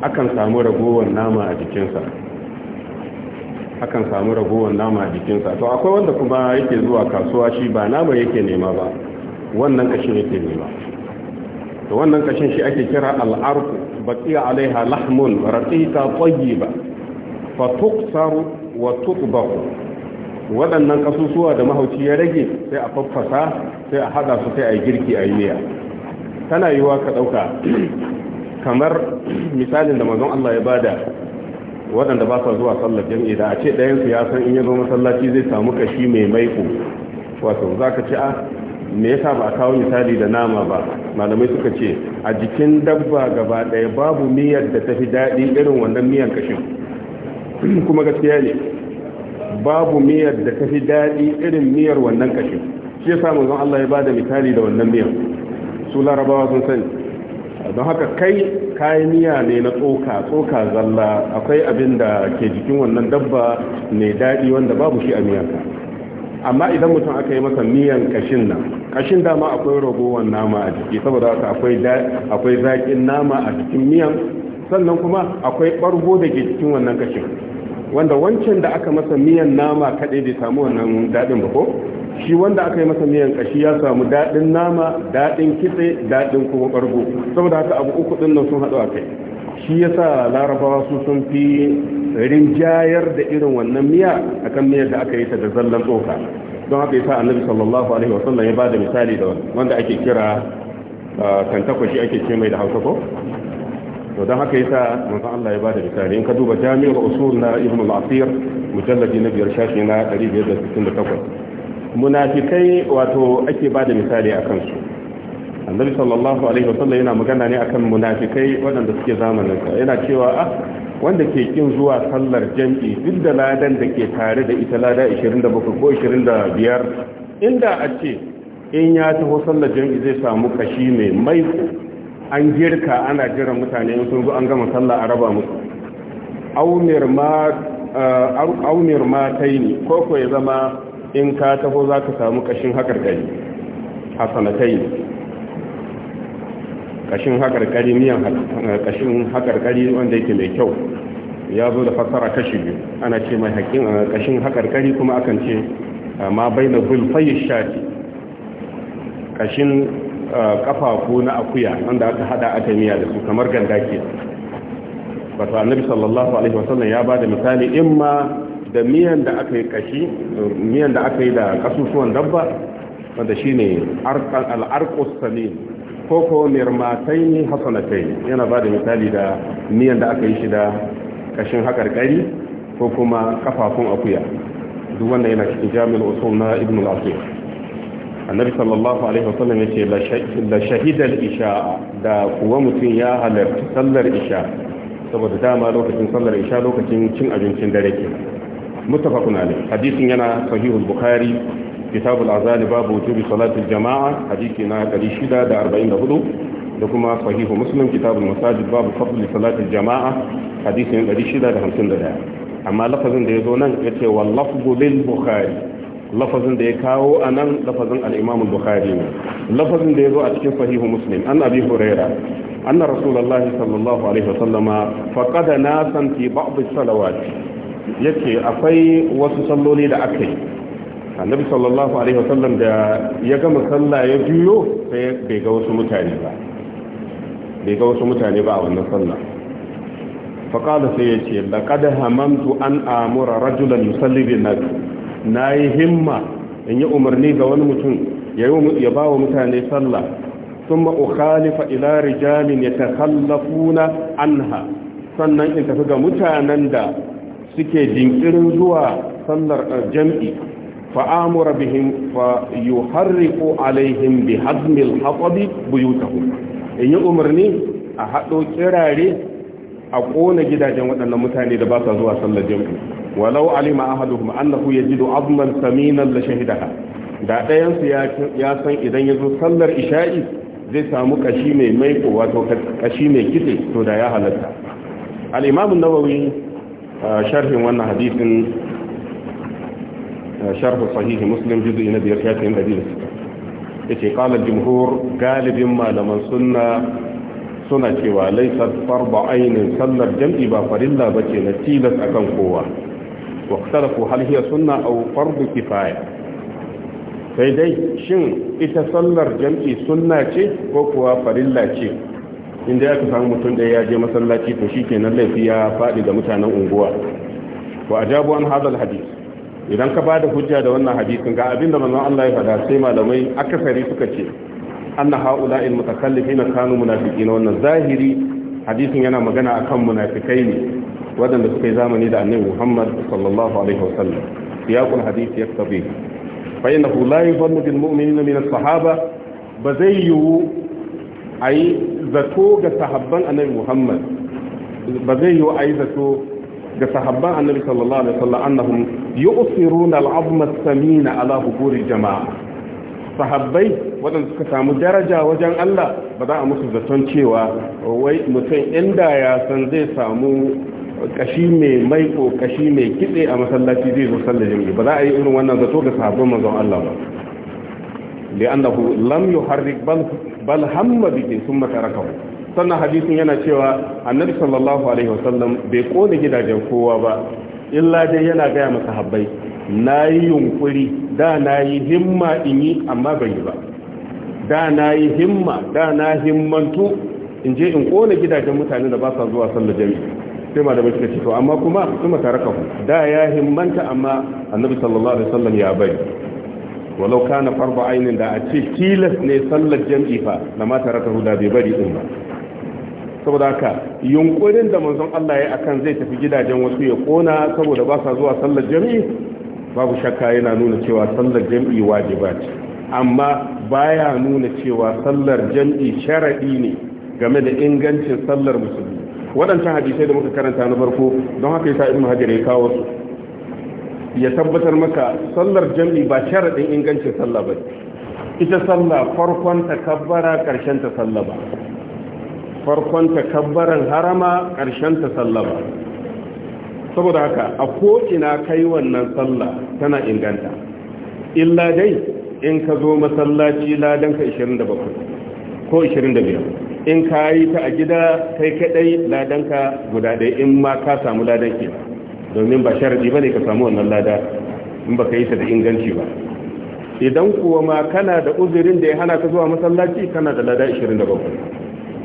akan samu ragowar nama a jikinsa akan samu ragowar nama a jikinsa to akwai wanda kuma yake zuwa kasuwa shi ba nama yake nema ba wannan kashin yake nema to wannan kashin shi ake kira al'arku baqiya alaiha lahmun raqiqa tayyiba fa tuqsaru wa tutbaqu waɗannan kasusuwa da mahauci ya rage sai a faffasa sai a hada su sai a girki a yi miya tana yiwa ka ɗauka kamar misalin da mazan Allah ya bada waɗanda ba sa zuwa sallar jam'i da a ce ɗayansu ya san in ya zo masallaci zai samu kashi mai maiko wato za ka ce a ah, me yasa ba a kawo misali da nama ba malamai suka ce a jikin dabba gaba ɗaya babu miyar da ta fi daɗi irin wannan miyar kashin kuma gaskiya ne babu miyar da ta fi daɗi irin miyar wannan kashin shi yasa mazan Allah ya bada misali da wannan miyar su larabawa sun sani don haka kai kayan miya ne na tsoka tsoka zalla akwai abin da ke jikin wannan dabba mai daɗi wanda babu shi a miyanka amma idan mutum aka yi masa miyan kashin nan kashin dama akwai ragowar nama a jiki saboda haka akwai zaƙin nama a jikin miyan sannan kuma akwai ɓargo da ke jikin wannan kashin wanda wancan da aka masa miyan nama kaɗai bai samu wannan daɗin ba ko shi wanda aka yi masa miyan kashi ya samu daɗin nama daɗin kitse daɗin kuma ɓargo saboda haka abu uku ɗin nan sun haɗu a kai shi ya sa larabawa su sun fi rinjayar da irin wannan miya akan miyar da aka yi ta da zallan tsoka don haka ya sa annabi sallallahu alaihi wasallam ya ba da misali da wanda ake kira tantakwashi ah, ake ce mai da hausa ko to don haka yasa manzo Allah ya bada misali in ka duba jami'ar usul na ibn al-asir mujalladi na biyar shafi na 568 munafikai wato ake ba da misali a kansu annabi sallallahu alaihi wasallam yana magana ne akan munafikai waɗanda suke zamaninsa. yana cewa ah wanda ke kin zuwa sallar jam'i, duk da ladan da ke tare da ita lada 27 ko 25 inda a ce in ya taho sallar jam'i zai samu kashi mai mai an girka ana jiran mutane in sun zo an gama sallar a raba musu aumir ma eh, aumir ma taini ko ya zama in ka taho za ka samu kashin haƙarƙari hasanatai kashin haƙarƙari miyan kashin haƙarƙari wanda yake mai kyau ya zo da fassara kashi biyu ana ce mai haƙin kashin eh, haƙarƙari kuma akan ce eh, ma bai na gulfayi shafi. kashin eh, ƙafafu na akuya wanda aka hada aka miya da su kamar ganda ke wato annabi sallallahu alaihi wasallam ya ba da misali in ma da miyan da aka yi kashi miyan da aka yi da kasusuwan dabba wanda shi ne salim ko ko ne hasanatai yana ba da misali da miyan da aka yi shi da kashin haƙarƙari ko kuma kafafun akuya duk wanda yana cikin jami'ul usul na ibn al-asir annabi sallallahu alaihi sallam yace la shahida al-isha da kuwa mutum ya halarci sallar isha saboda dama lokacin sallar isha lokacin cin abincin dare kenan muttafaqun alayh hadisin yana sahihul bukhari kitabul azali babu wujubi salatul jama'a hadisi na 644 da kuma sahihu muslim kitabul masajid babu fadli salatul jama'a hadisi na 651 amma lafazin da yazo nan yace wallafzu lil bukhari lafazin da ya kawo a nan lafazin al'imamun bukhari ne lafazin da ya zo a cikin sahihu muslim an abi huraira anna rasulallah sallallahu alaihi wasallama faqada nasan fi ba'd salawati yake akwai wasu salloli da aka yi annabi sallallahu alaihi wasallam da ya gama sallah ya juyo sai bai ga wasu mutane ba bai ga wasu mutane ba a wannan sallah qala sai ya ce laƙada hamantu an amura rajulan yusalli bi nabi na yi himma in yi umarni ga wani mutum ya ba wa mutane sallah sun ma'ukhalifa ila rijalin ya takallafuna anha sannan in tafi ga mutanen da suke jinkirin zuwa sallar eh, jam'i fa'amura bihim fa yuharriqu alaihim bi hazmil haqabi buyutahum in yi umarni a haɗo kirare a ƙona gidajen waɗannan mutane da ba sa zuwa sallar jam'i walau alima ahaduhum annahu yajidu azman saminan la shahidaha da ɗayan su ya san idan ya zo sallar isha'i zai samu kashi mai maiko wato kashi mai kitse to da ya halatta al-imam an-nawawi sharhin wannan hadisin sharh sahih muslim juz'i na biyar shafin hadisi yace qala al-jumhur galibin malaman sunna suna cewa laisa farba sallar jam'i ba farilla ce na tilas akan kowa واختلفوا هل هي sai dai shin ita sallar jam'i suna ce ko kuwa farilla ce. inda aka samu mutum da ya je masallaci to shi kenan laifi ya faɗi ga mutanen unguwa wa ajabu an hadal hadis idan ka bada hujja da wannan hadisin ga abinda manzon Allah ya faɗa sai malamai akasari suka ce anna haula il mutakallifina kanu munafiqina wannan zahiri hadisin yana magana akan munafikai ne wadanda suka yi zamani da annabi Muhammad sallallahu alaihi wasallam siyaqul hadith yaktabi fa innahu la yuzannu bil mu'minina min as-sahaba ba zai yiwu a yi zato ga sahabban annabi muhammad ba zai yi a yi zato ga sahabban annabi sallallahu alaihi wasallam annahum yu'siruna al-azma samina ala hukuri jama'a sahabbai waɗanda suka samu daraja wajen Allah ba za a musu zaton cewa wai mutum inda ya san zai samu kashi mai mai ko kashi mai kitse a masallaci zai zo sallar jami'i ba za a yi irin wannan zato ga sahabban manzon Allah ba li'annahu lam yuharrik bal hamma bihi thumma tarakahu sannan hadisin yana cewa annabi sallallahu alaihi wasallam bai kone gidajen kowa ba illa dai yana gaya masa habbai yi yunkuri da na yi himma in yi amma ban yi ba da na yi himma da na himmantu in je in kone gidajen mutane da ba sa zuwa sallar jami'i sai malamai suka ce to amma kuma kuma tarakahu da ya himmanta amma annabi sallallahu alaihi wasallam ya bari walau kana farba ainin da a ce tilas ne sallar jam'i fa da mata tare huda bai bari din ba saboda haka yunkurin da manzon Allah ya akan zai tafi gidajen wasu ya kona saboda ba sa zuwa sallar jam'i babu shakka yana nuna cewa sallar jam'i wajiba ce amma baya nuna cewa sallar jam'i sharadi ne game da ingancin sallar musulmi waɗancan hadisai da muka karanta na farko don haka yasa ibnu hajar ya kawo su ya tabbatar maka sallar jam'i ba sharaɗin ingancin sallah ba ita sallah farkon takabbara ƙarshen ta sallah ba farkon takabbaran harama ƙarshen ta sallah ba saboda haka a ko'ina kai wannan sallah tana inganta illa dai in ka zo masallaci ladanka 27 ko 25 in ka yi ta a gida kai kaɗai ladanka guda ɗaya in ma ka samu ladan ba. domin ba sharadi bane ka samu wannan lada in baka yi ta da inganci ba idan kuwa ma kana da uzurin da ya hana ka zuwa masallaci kana da lada 27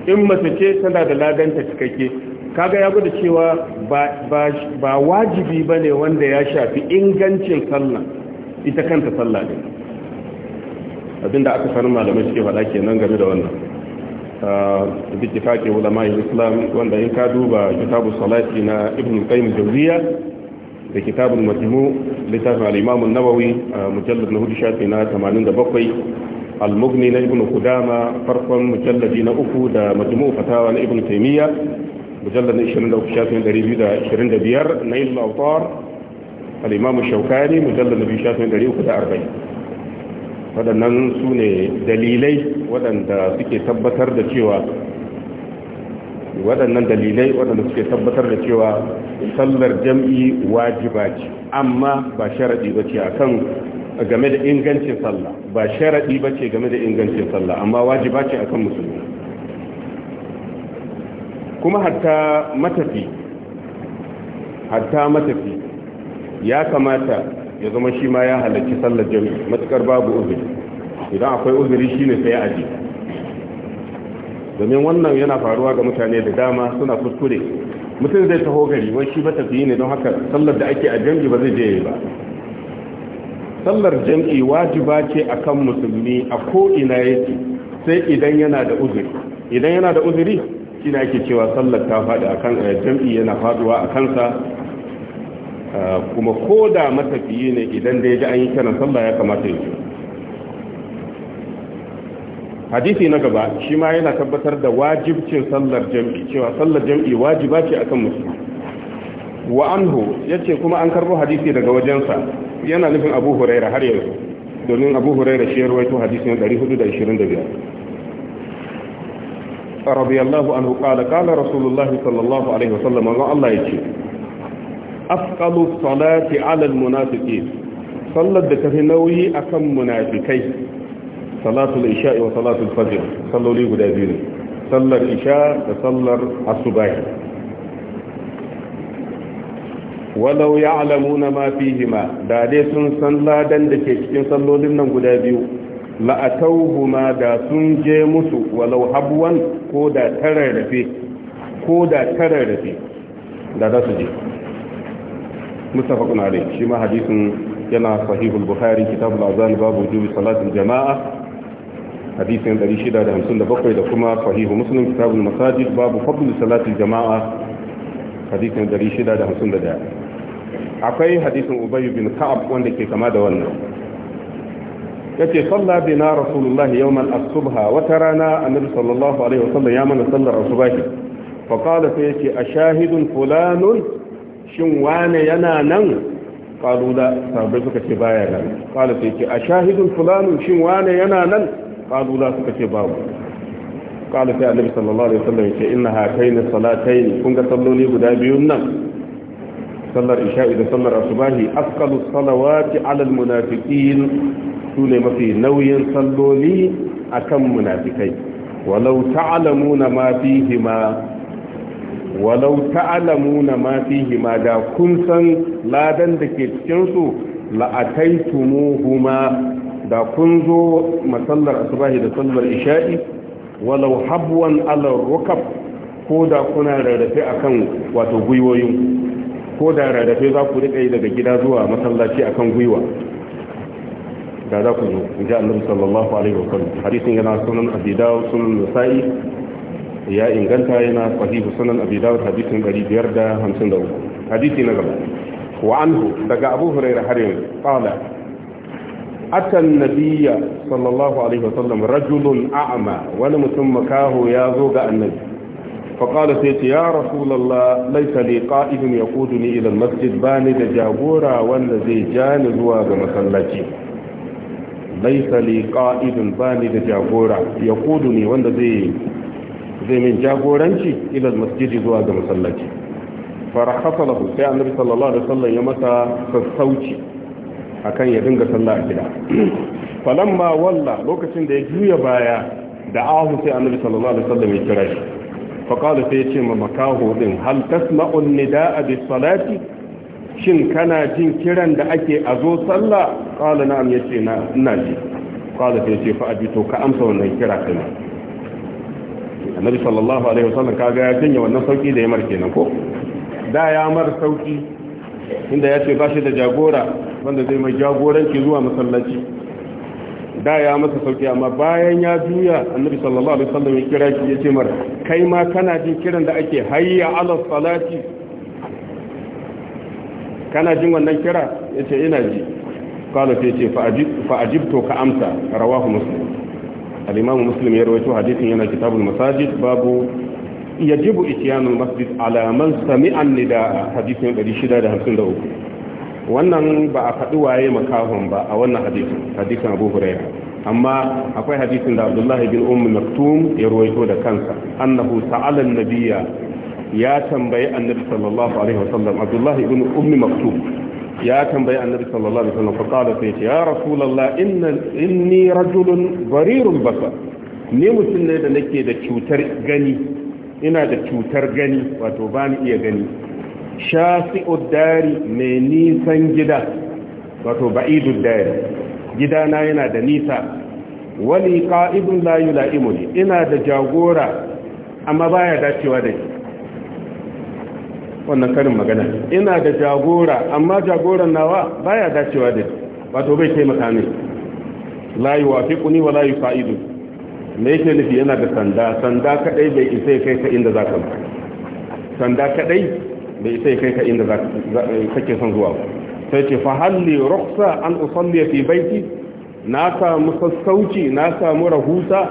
in mace ce tana da ladanta cikakke kaga ya gudu cewa ba wajibi ba ne wanda ya shafi ingancin sallah ita kanta sallah ne abinda aka sanar malamai suke faɗa kenan game da wannan آه، باتفاق علماء الاسلام وان ان كادوا كتاب الصلاه الى ابن القيم الجوزيه بكتاب المجموع لتابع الامام النووي آه، مجلد نهود شاتنا 80 بقي المغني لابن قدامه فرقا مجلدين اخو دا مجموع فتاوى لابن تيميه مجلد 23 شاتنا 22 نيل الاوطار الامام الشوكاني مجلد نبي شاتنا 40 waɗannan su ne dalilai waɗanda suke tabbatar da cewa waɗannan dalilai waɗanda suke tabbatar da cewa sallar jam'i wajiba ce amma ba sharaɗi ba ce akan game da ingancin sallah ba sharaɗi ba ce game da ingancin sallah amma wajiba ce a kan musulmi kuma hatta matafi hatta matafi ya kamata ya zama shi ma ya halarci sallar jami'i matukar babu uzuri idan akwai uzuri shine sai ya domin wannan yana faruwa ga mutane da dama suna kuskure mutum zai taho gari wai shi matafiyi ne don haka sallar da ake a jami'i ba zai je ba sallar jami'i wajiba ce akan musulmi a ko ina yake sai idan yana da uzuri idan yana da uzuri shi ake cewa sallar ta faɗi akan eh, jami'i yana faduwa a kansa Ah, kuma ko da matafiyi ne idan da ya ji an yi kiran sallah ya kamata ya hadisi na gaba shi ma yana tabbatar da wajibcin sallar jam'i cewa sallar jam'i wajiba ce akan musulmi wa anhu yace kuma an karbo hadisi daga wajensa yana nufin Abu huraira har yanzu domin Abu huraira shi ya rawaito hadisi na 425 radiyallahu anhu qala qala rasulullahi sallallahu alaihi wasallam Allah yace afqalu salati ala almunafiqin sallar da tafi nauyi akan munafikai salatul isha wa salatul fajr salloli guda biyu ne sallar isha da sallar asubahi walau ya'lamuna ma fihima da dai sun san ladan da ke cikin sallolin nan guda biyu la'atauhuma da sun je musu walau habwan ko da tararrafe ko da tararrafe da za su je mutafaqun alayhi shi hadisin yana sahihul bukhari kitabul azan babu wujubi salatul jamaa hadisin 657 da kuma sahihu muslim kitabul masajid babu fadl salatul jamaa hadisin 651 akwai hadisin ubay bin ka'ab wanda ke kama da wannan yace salla bina rasulullah yawmal asbha wa tarana annabi sallallahu alaihi ya mana sallar asbahi fa qala sai yace ashahidun fulanun shin wane yana nan qalu la sahabbai suka ce baya nan qala sai ce a shahidun fulanu shin wane yana nan qalu la suka ce babu qala sai annabi sallallahu alaihi wasallam ce inna salatai ne. kun ga salloli guda biyun nan sallar isha'i da sallar asubahi asqalu salawati ala almunafiqin sune mafi nauyin salloli akan munafikai walau ta'lamuna ma fihima walau ta'lamuna ma fihi ma da kun san ladan da ke cikin su la'ataitumuhuma da kun zo masallar asubahi da sallar isha'i walau habwan ala rukab ko da kuna rarrafe akan wato gwiwoyin ko da rarrafe za ku rika yi daga gida zuwa masallaci akan gwiwa da za ku zo in ji annabi sallallahu alaihi wasallam hadisin yana sunan abi dawud sunan nasa'i ya inganta yana sahihu sunan abi dawud hadisin 553 hadisi na gaba wa anhu daga abu hurairah har yanzu qala ata annabiyya sallallahu alaihi wasallam rajulun a'ma wani mutum makaho ya zo ga annabi فقال سيت يا رسول الله ليس لي قائد يقودني إلى المسجد باني دجابورا والذي جاني زوا بمسلتي ليس لي قائد باني دجابورا wanda zai. zai min jagoranci ila masjidi zuwa ga masallaci farahasa lahu sai annabi sallallahu alaihi wasallam ya masa sassauci akan ya dinga sallah a gida falamma walla lokacin da ya juya baya da ahu sai annabi sallallahu alaihi wasallam ya kira shi fa qala sai ya ce ma makahu din hal tasma'u nidaa bi salati shin kana jin kiran da ake a zo sallah qala na'am yace na ina ji qala sai ya ce fa abito ka amsa wannan kira kai annabi sallallahu alaihi wasallam kaga ya janye wannan sauki da ya mar kenan ko da ya mar sauki inda ya ce ba shi da jagora wanda zai mai jagoranci zuwa masallaci da ya masa sauki amma bayan ya juya annabi sallallahu alaihi wasallam ya kira shi ya ce mar kai ma kana jin kiran da ake hayya ala salati kana jin wannan kira Ya ce ina ji qala ta yace fa ka amsa rawahu muslim al-imam muslim ya rawaito hadisin yana kitabul masajid babu yajibu ityanul masjid ala man sami'a an-nidaa hadisin 653 wannan ba a faɗi waye makahon ba a wannan hadisin hadisin Abu Hurairah amma akwai hadisin da Abdullah bin Umm Maktum ya ruwaito da kansa annahu ta'ala nabiya ya tambayi annabi sallallahu alaihi wasallam Abdullah bin Umm Maktum ya tambayi annabi sallallahu alaihi wasallam faqala sai ya rasulullah inna inni rajulun barirul basar ni mutum ne da nake da cutar gani ina da cutar gani wato ba ni iya gani shasi'ud dari mai nisan gida wato ba'idud dari na yana da nisa wani qa'idun la yulaimu ina da jagora amma baya dacewa da ni wannan karin magana ina da jagora amma jagoran nawa baya dacewa da wato bai taimaka wa la yuwafiquni wa la yusaidu me yake nufi yana da sanda sanda kadai bai isa kai ka inda zaka ba sanda kadai bai isa kai ka inda zaka kake son zuwa sai ce fa halli Ruksa an usalli fi baiti na samu sassauci na samu rahusa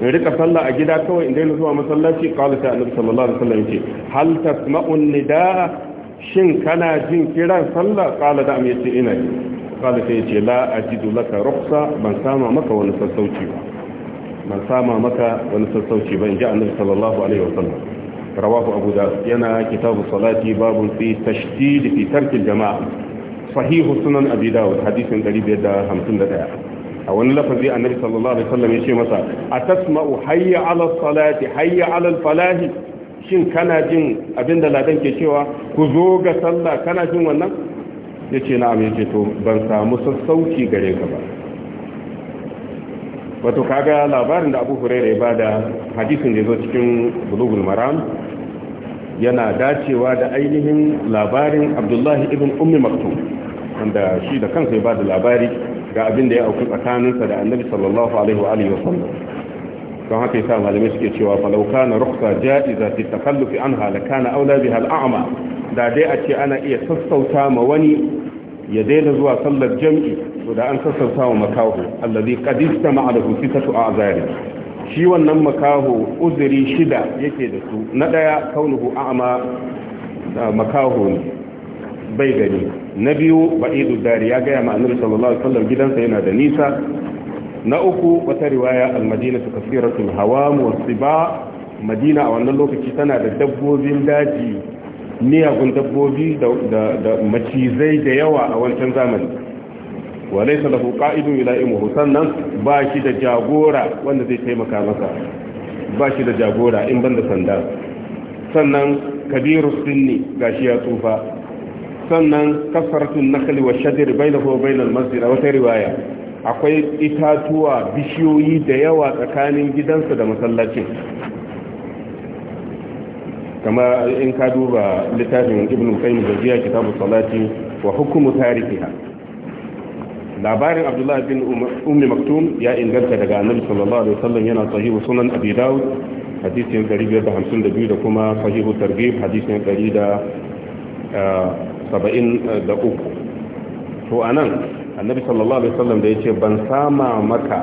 in rika sallah a gida kawai in daina zuwa masallaci qala ta annabi sallallahu alaihi wasallam yace hal tasma'un nidaa shin kana jin kiran sallah kala da am yace ina ji kala ta yace la ajidu laka rukhsa ban sama maka wani sassauci ba ban sama maka wani sassauci ba in ji annabi sallallahu alaihi wasallam rawahu abu dawud yana kitabu salati babun fi tashdid fi tarkil jama'a sahihu sunan abi dawud hadisin 551 a wani lafazi annabi sallallahu alaihi wasallam ya ce masa atasma'u hayya 'ala salati hayya 'ala falahi shin kana jin abinda ladan ke cewa ku zo ga sallah kana jin wannan ce na'am yace to ban samu sassauci gare ka ba wato kaga labarin da Abu Hurairah ya bada hadisin da yazo cikin Bulughul Maram yana dacewa da ainihin labarin Abdullahi ibn Ummi Maktum wanda shi da kansa ya bada labari ga abin da ya auku tsakaninsa da annabi sallallahu alaihi wa alihi wasallam don haka yasa malamai suke cewa falau kana rukhsa ja'iza fi takhallufi anha la kana aula biha al'ama da dai a ce ana iya sassauta ma wani ya daina zuwa sallar jam'i to da an sassauta wa makaho allazi qad istama'a lahu sitatu a'zari shi wannan makaho uzuri shida yake da su na daya kaunuhu a'ma makaho ne bai gani na biyu ba'idu dari ya gaya ma'anar sallallahu alaihi wasallam gidansa yana da nisa na uku wata riwaya al-madina ta kasiratul hawam wa siba madina a wannan lokaci tana da dabbobin daji miyagun dabbobi da macizai da yawa a wancan zamani wa laysa lahu qa'idun ila imuhu sannan ba shi da jagora wanda zai taimaka masa ba shi da jagora in banda sanda sannan kabiru sinni gashi ya tsufa sannan kasaratun nakali wa shadir bainahu wa bainal masjid a wata riwaya akwai itatuwa bishiyoyi da yawa tsakanin gidansa da masallacin kama in ka duba littafin ibn qayyim jaziya kitabu salati wa hukumu tarikiha labarin abdullahi bin ummi umm maktum ya inganta daga annabi sallallahu alaihi wasallam yana sahihu sunan abi daud hadisin 552 da kuma sahihu targhib hadisin 100 saba'in da uku to a nan annabi sallallahu alaihi wasallam da ya ce ban sama maka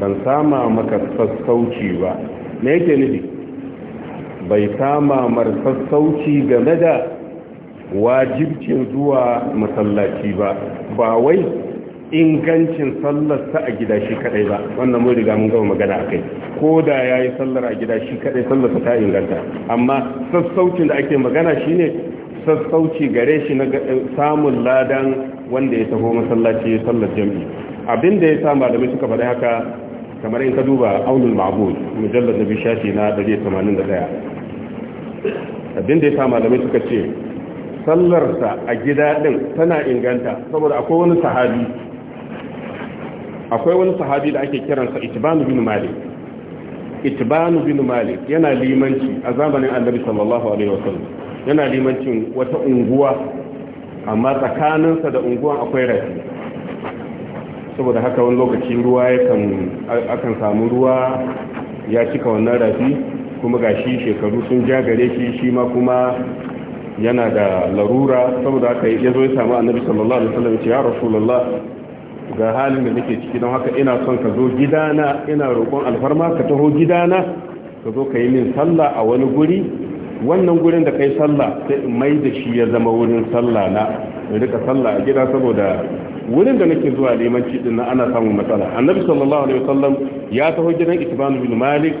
ban sama maka sassauci ba me yake nufi bai sama mar sassauci game da wajibcin zuwa masallaci ba ba wai ingancin sallarsa a gida shi kadai ba wannan mun riga mun gama magana akai ko da yayi sallar a gida shi kadai sallarsa ta inganta amma sassaucin da ake magana shine sassauci gare shi na samun ladan wanda ya taho masallaci sallar jami'i da ya sa malamai suka faɗi haka kamar in ka duba aunul ma'bud mujallar nabi shafi na 181 da ya sa malamai suka ce sallarsa a gida din tana inganta saboda akwai wani sahabi akwai wani sahabi da ake kiransa itibanu bin malik itibanu bin malik yana limanci a zamanin annabi sallallahu alaihi wasallam yana limancin wata unguwa amma tsakaninsa da unguwan akwai rafi saboda haka wani lokaci ruwa yakan akan samu ruwa ya cika wannan rafi kuma gashi shekaru sun ja gare shi shi ma kuma yana da larura saboda haka ya ya samu annabi sallallahu alaihi wasallam ya ce ya rasulullah ga halin da nake ciki don haka ina son ka zo gidana ina roƙon alfarma ka taho gidana ka zo ka yi min sallah a wani guri wannan gurin da kai sallah sai in mai da shi ya zama wurin sallah na in rika sallah a gida saboda wurin da nake zuwa limanci din na ana samun matsala annabi sallallahu alaihi wasallam ya taho gidan itban bin malik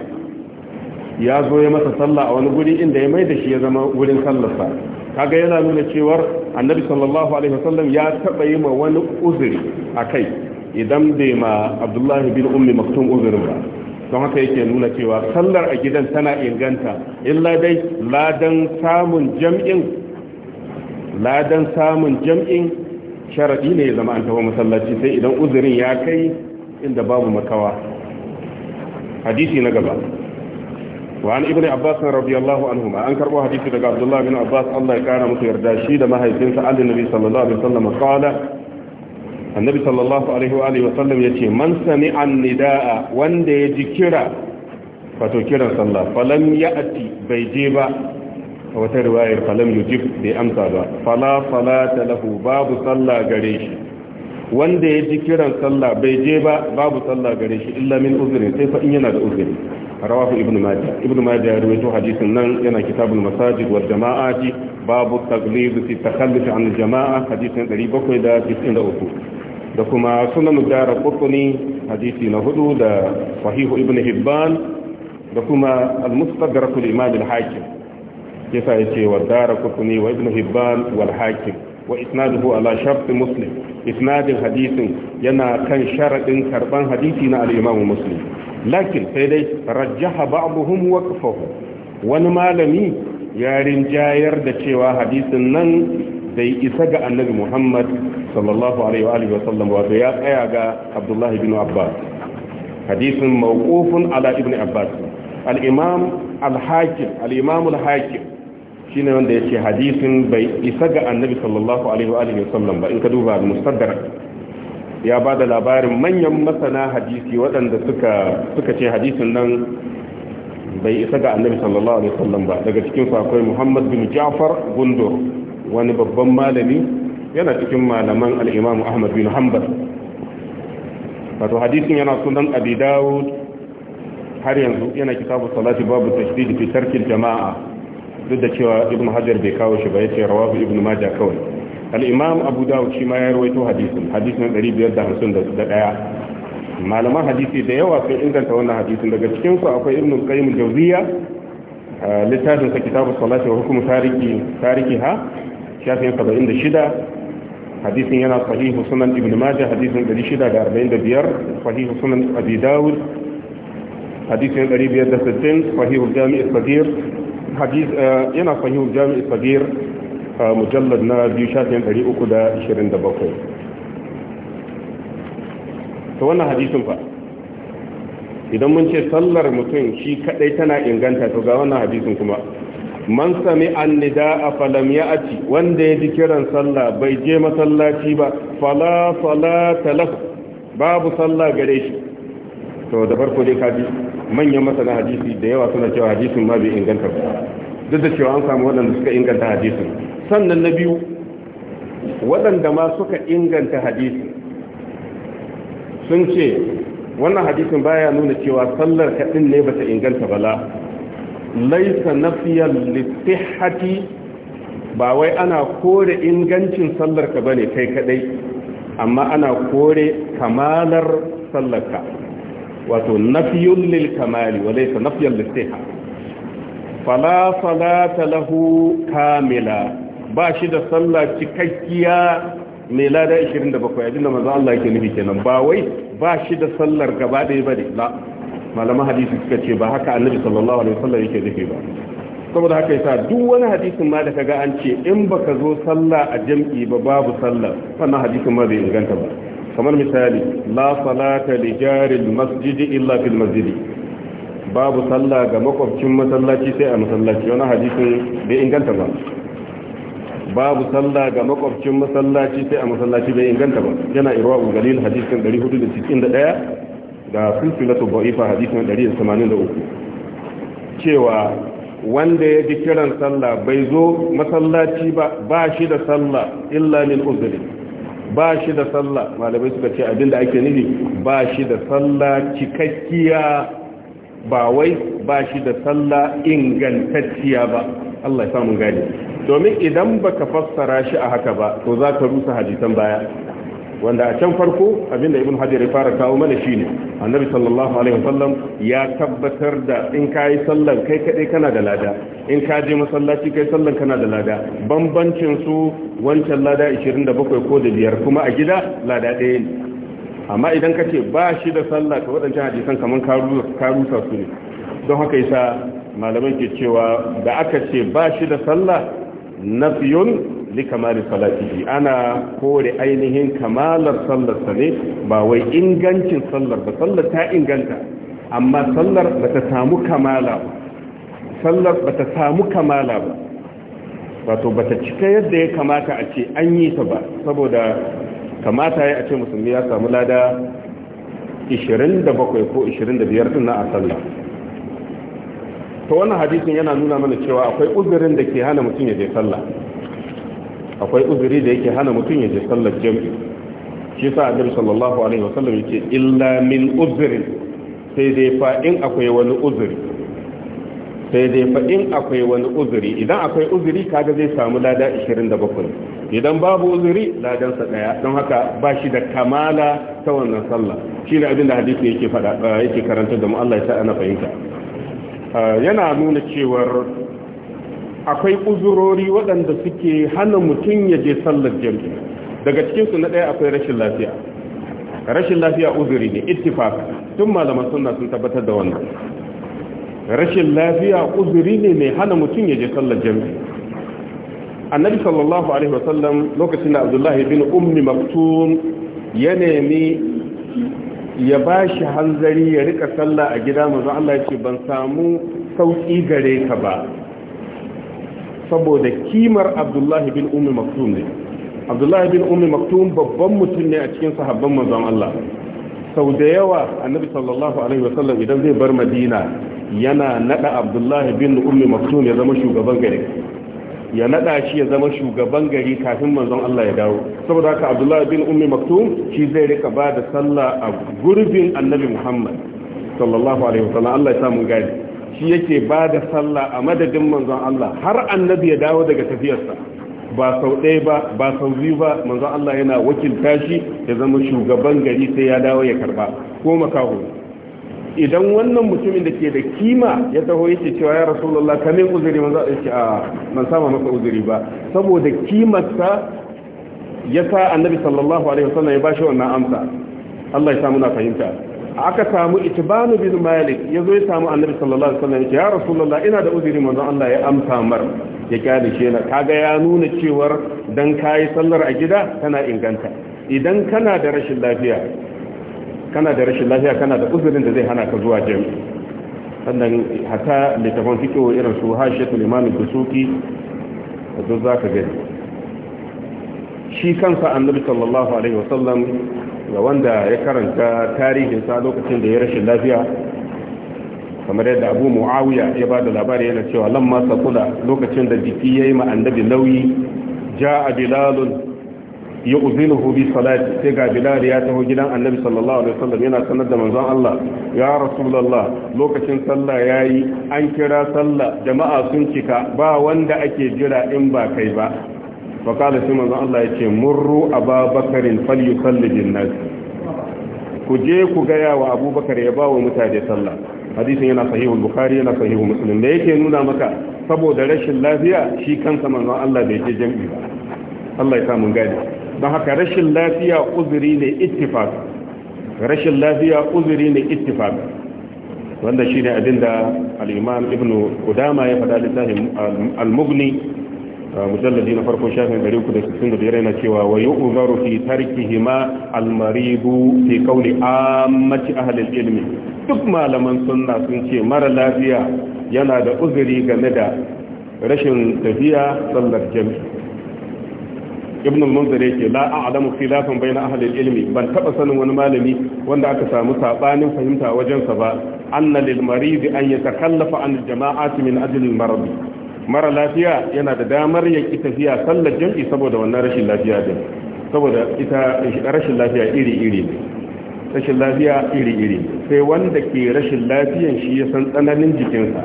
ya zo ya masa sallah a wani guri inda ya mai da shi ya zama wurin sallarsa kaga yana nuna cewar annabi sallallahu alaihi wasallam ya taba yi ma wani uzuri kai idan bai ma abdullahi bin ummi maktum uzurin ba don haka yake nuna cewa sallar a gidan tana inganta illa dai ladan samun jam'in ladan samun jam'in sharadi ne ya zama an taba masallaci sai idan uzurin ya kai inda babu makawa hadisi na gaba وعن ابن عباس رضي الله عنهما أنكر وحديث لك عبد الله بن عباس الله كان مطير داشيد ما هيتين سأل النبي صلى الله عليه وسلم قال النبي صلى الله عليه وآله وسلم يتي من سمع النداء وان دي ذكرا فتكرا صلى فلم يأتي بيجيبا wata riwayar falam yujib bai amsa ba fala salata lahu babu sallah gare shi wanda ya ji kiran sallah bai je ba babu sallah gare shi illa min uzrin sai fa in yana da uzuri rawahu ibn majah ibn majah ya rawaito hadisin nan yana kitabul masajid wal jama'ati babu taglid fi takhalluf an al jama'a hadisin 793 da kuma sunan dara qutni hadisi na hudu da sahihu ibn hibban da kuma al mustadrak al imam al hakim yasa yace wa dara qutni wa ibn hibban wal hakim wa isnaduhu ala shart muslim isnadin hadisin yana kan sharadin karban hadisi na al imam muslim lakin sai dai rajjaha ba'dhum kafahu wani malami ya rinjayar da cewa hadisin nan bai isa ga annabi Muhammad sallallahu alaihi wa alihi wa sallam wato ya tsaya ga Abdullah ibn Abbas hadisin mawqufun ala ibn Abbas al-imam al-hakim al-imam al-hakim shine wanda yace hadisin bai isa ga annabi sallallahu alaihi wa alihi wa sallam ba in ka duba al-mustadrak ya ba da labarin manyan masana hadisi waɗanda suka ce hadisin nan bai isa ga annabi sallallahu alaihi wasallam ba daga cikin akwai muhammad bin jafar gundur wani babban malami yana cikin malaman al'imamu ahmad bin hanbal wato hadisin yana sunan abi dawud har yanzu yana kitabu salati babu tashdid fi tarkil jama'a duk da cewa Ibn hajar bai kawo shi ba yace rawahu Ibn Maja kawai al abu dawud shi ma ya rawaito hadisin hadisin ɗaya malaman hadisi da yawa sun inganta wannan hadisin daga cikin akwai ibnu qayyim jawziya eh, littafin sa kitabu salati wa hukmu tariki ha shafin 76 hadisin yana sahihu sunan ibn majah hadisin 645 sahihu sunan abi dawud hadisin 560 sahihu jami' al-saghir hadis eh, yana sahihu jami' al-saghir mujallar na biyu shafin 327 ta wannan hadisin fa idan mun ce sallar mutum shi kadai tana inganta to ga wannan hadisin kuma man sami an a falam ya aci wanda ya ji kiran sallah bai je masallaci ba fala fala talaf babu sallah gare shi to da farko dai kaji manyan masana hadisi da yawa suna cewa hadisin ma bai inganta ba duk da cewa an samu waɗanda suka inganta hadisin sannan na biyu waɗanda ma suka inganta hadisi sun ce wannan hadisin baya nuna cewa sallar kaɗin ne bata inganta bala laisa na nafiyar littihati ba wai ana kore ingancin sallarka ne kai kadai amma ana kore kamalar sallarka wato na lil lilkamali wa laisa na nafiyar littihati fala ta lahu kamila ba shi da sallah cikakkiya mai lada 27 yadda da maza Allah yake nufi kenan ba wai ba shi da sallar gaba ɗaya ne ba malaman hadisi suka ce ba haka annabi sallallahu alaihi wasallam yake nufi ba saboda haka yasa duk wani hadisin ma da kaga an ce in ba ka zo sallah a jam'i ba babu sallah wannan hadisin ma bai inganta ba kamar misali la salata li jaril masjidi illa fil masjidi babu sallah ga makwabcin masallaci sai a masallaci wannan hadisin bai inganta ba babu sallah ga makwabcin masallaci sai a masallaci bai inganta ba yana irwa'u galil hadisin 491 da silsilatu ba'ifa hadisin 183 cewa wanda ya ji kiran sallah bai zo masallaci ba ba shi da sallah illa lil uzri ba shi da sallah malamai suka ce abinda ake nufi ba shi da sallah cikakkiya ba wai ba shi da sallah ingantacciya ba Allah ya samu gani domin idan baka fassara shi a haka ba to za ka rusa hadisan baya wanda a can farko abin da ibn hajar ya fara kawo mana shi ne. annabi sallallahu alaihi wasallam ya tabbatar da in ka yi sallan kai kadai kana da lada in ka je masallaci kai sallan kana da lada bambancin su wancan lada 27 ko da biyar kuma a gida lada ɗaya ne amma idan ka ce ba shi da sallah ka waɗancan hadisan kamar karusa su ne don haka yasa malamai ke cewa da aka ce ba shi da sallah na li kamali salatiki ana kore ainihin kamalar sallarsa ne ba wai ingancin sallar ba sallar ta inganta amma sallar ba ta samu kamala ba sallar ba ta samu kamala ba wato ba ta cika yadda ya kamata a ce an yi ta ba saboda kamata ya ce musulmi ya samu lada 27 ko 25 din na a sallah to wannan hadisin yana nuna mana cewa akwai uzurin da ke hana mutum ya je sallah akwai uzuri da yake hana mutum ya je sallar jami'i shi sa annabi sallallahu alaihi wasallam yake illa min uzrin sai dai fa in akwai wani uzuri sai dai fa in akwai wani uzuri idan akwai uzuri kaga zai samu lada 27 idan babu uzuri ladansa daya don haka ba shi da kamala ta wannan sallah shi ne abinda hadisi yake fada uh, yake karanta da mu Allah ya sa ana fahimta uh, yana nuna cewar akwai uzurori waɗanda suke hana mutum ya je sallar jami'i daga cikinsu na ɗaya akwai rashin lafiya rashin lafiya uzuri ne ittifaq tun malaman sunna sun tabbatar da wannan rashin lafiya uzuri ne mai hana mutum ya je sallar jami'i annabi sallallahu alaihi wasallam lokacin da abdullahi bin ummi maktum ya nemi ya ba shi hanzari ya rika sallah a gida mazu Allah ya ce ban samu sauƙi gare ka ba saboda kimar abdullahi bin ummi maktum ne abdullahi bin ummi maktum babban mutum ne a cikin sahabban manzon Allah sau da yawa annabi sallallahu alaihi wa sallam idan zai bar madina yana nada abdullahi bin ummi maktum ya zama shugaban gari ya nada shi ya zama shugaban gari kafin manzon Allah ya dawo saboda haka abdullahi bin ummi maktum shi zai rika ba da sallah a gurbin annabi muhammad sallallahu alaihi wa sallam Allah ya samu gari shi yake ba da sallah a madadin manzon Allah har annabi ya dawo daga tafiyarsa ba sau ɗaya ba ba sau biyu ba manzo Allah yana wakilta shi ya zama shugaban gari sai ya dawo ya karba ko makaho idan wannan mutumin da ke da kima ya taho yake cewa ya rasulullah ka min uzuri manzo Allah yake a man sama maka uzuri ba saboda kimarsa ya sa annabi sallallahu alaihi wasallam ya bashi wannan amsa Allah ya sa muna fahimta aka samu itibanu bin malik ya zo ya samu annabi sallallahu alaihi wasallam ya rasulullah ina da uzuri manzon Allah ya amsa mar ya kyale shi na kaga ya nuna cewar dan kai sallar a gida tana inganta idan kana da rashin lafiya kana da rashin lafiya kana da uzurin da zai hana ka zuwa Jami sannan hata littafin fikiwa irin su hashiyatul imam dusuki da duk zaka gani shi kansa annabi sallallahu alaihi wasallam ga wanda ya karanta tarihinsa lokacin da ya rashin lafiya kamar yadda abu mu'awiya ya ba da labari yana cewa lamma kula lokacin da jiki ya yi annabi nauyi ja a bilalun ya uzinuhu bi salati sai ga bilal ya taho gidan annabi sallallahu alaihi wasallam yana sanar da manzon Allah ya rasulullah lokacin sallah yayi an kira sallah jama'a sun cika ba wanda ake jira in ba kai ba fa kala sai manzon Allah yace murru ababakarin falyusalli bin nas ku je ku ga yawa abubakar ya bawo mutane sallah hadisin yana sahihu bukhari yana sahihu muslim da yake nuna maka saboda rashin lafiya shi kansa manzon Allah bai je jami'i ba Allah ya samu gadi don haka rashin lafiya uzuri ne ittifaq rashin lafiya uzuri ne ittifaq wanda shine abinda al-imam ibnu qudama ya faɗa littafin al-mughni mujalladi na farko shafin 365 yana cewa wa yu'zaru fi tarkihima almaribu fi qawli ammati ahli ilmi duk malaman sunna sun ce mara lafiya yana da uzuri game da rashin tafiya sallar jami'i ibn al-munzir yake la a'lamu khilafan bayna ahli al-ilmi ban taba sanin wani malami wanda aka samu sabanin fahimta wajen sa ba anna lil marid an yatakallafa an jama'ati min ajli al-marad mara lafiya yana da damar ya ki tafiya sallar jam'i saboda wannan rashin lafiya din saboda ita rashin lafiya iri-iri ne rashin lafiya iri-iri sai wanda ke rashin lafiyan shi ya san tsananin jikinsa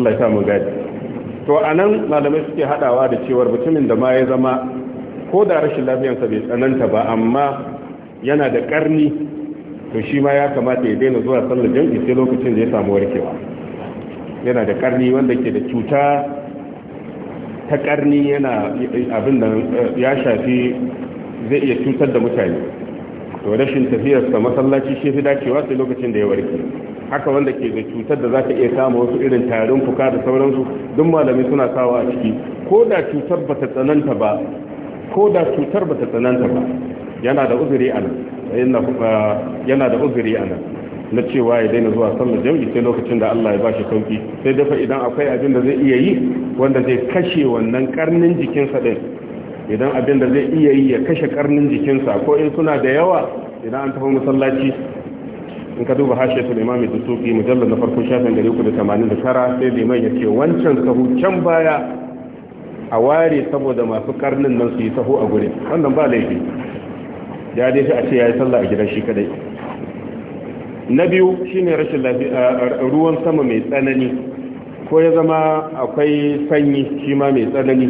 Allah ya samu gadi to a nan malamai suke hadawa da cewar mutumin da ma ya zama ko da rashin lafiyansa bai tsananta ba amma yana da karni to shi ma ya kamata ya daina zuwa sallar jam'i sai lokacin da ya samu warkewa yana da karni wanda ke da cuta ta karni yana abin da eh, ya shafi zai iya cutar da mutane to rashin tafiyarsa masallaci shi fi dacewa sai lokacin da ya warke haka wanda ke da cutar da za ta iya kama wasu irin tarin fuka da sauransu duk malami suna sawa a ciki ko da cutar ba ta tsananta ba ko da cutar ba ta tsananta ba yana da uzuri a eh, yana da uzuri a nan na cewa ya daina zuwa sallar jam'i sai lokacin da Allah ya bashi sauki sai dafa idan akwai abin da zai iya yi wanda zai kashe wannan karnin jikinsa din idan abin da zai iya yi ya kashe karnin jikinsa ko in suna da yawa idan an tafi masallaci in ka duba hashe su imam da suki mujallar na farko shafin gari uku da tamanin da tara sai liman ya ce wancan sahu can baya a ware saboda masu karnin nan su yi sahu a gurin wannan ba laifi ya dai shi a ce ya yi sallah a gidan shi kadai na biyu shine rashin ruwan sama mai tsanani ko ya zama akwai sanyi shi ma mai tsanani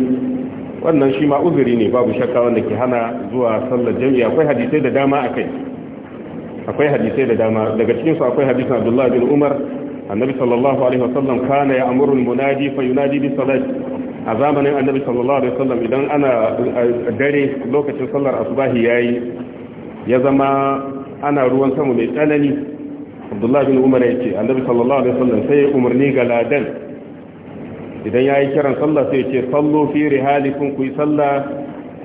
wannan shi ma uzuri ne babu shakka wanda ke hana zuwa sallar jami'a akwai hadisai da dama akai akwai hadisai da dama daga cikin su akwai hadisin Abdullahi bin Umar annabi sallallahu alaihi wasallam kana ya amuru munadi fa yunadi bi salat a zamanin annabi sallallahu alaihi wasallam idan ana dare lokacin sallar asubahi yayi ya zama ana ruwan sama mai tsanani abdullahi bin umar ya ce annabi sallallahu alaihi wasallam sai ya umarni ga ladan idan ya yi kiran sallah sai ya ce sallo fi rihalikum ku yi sallah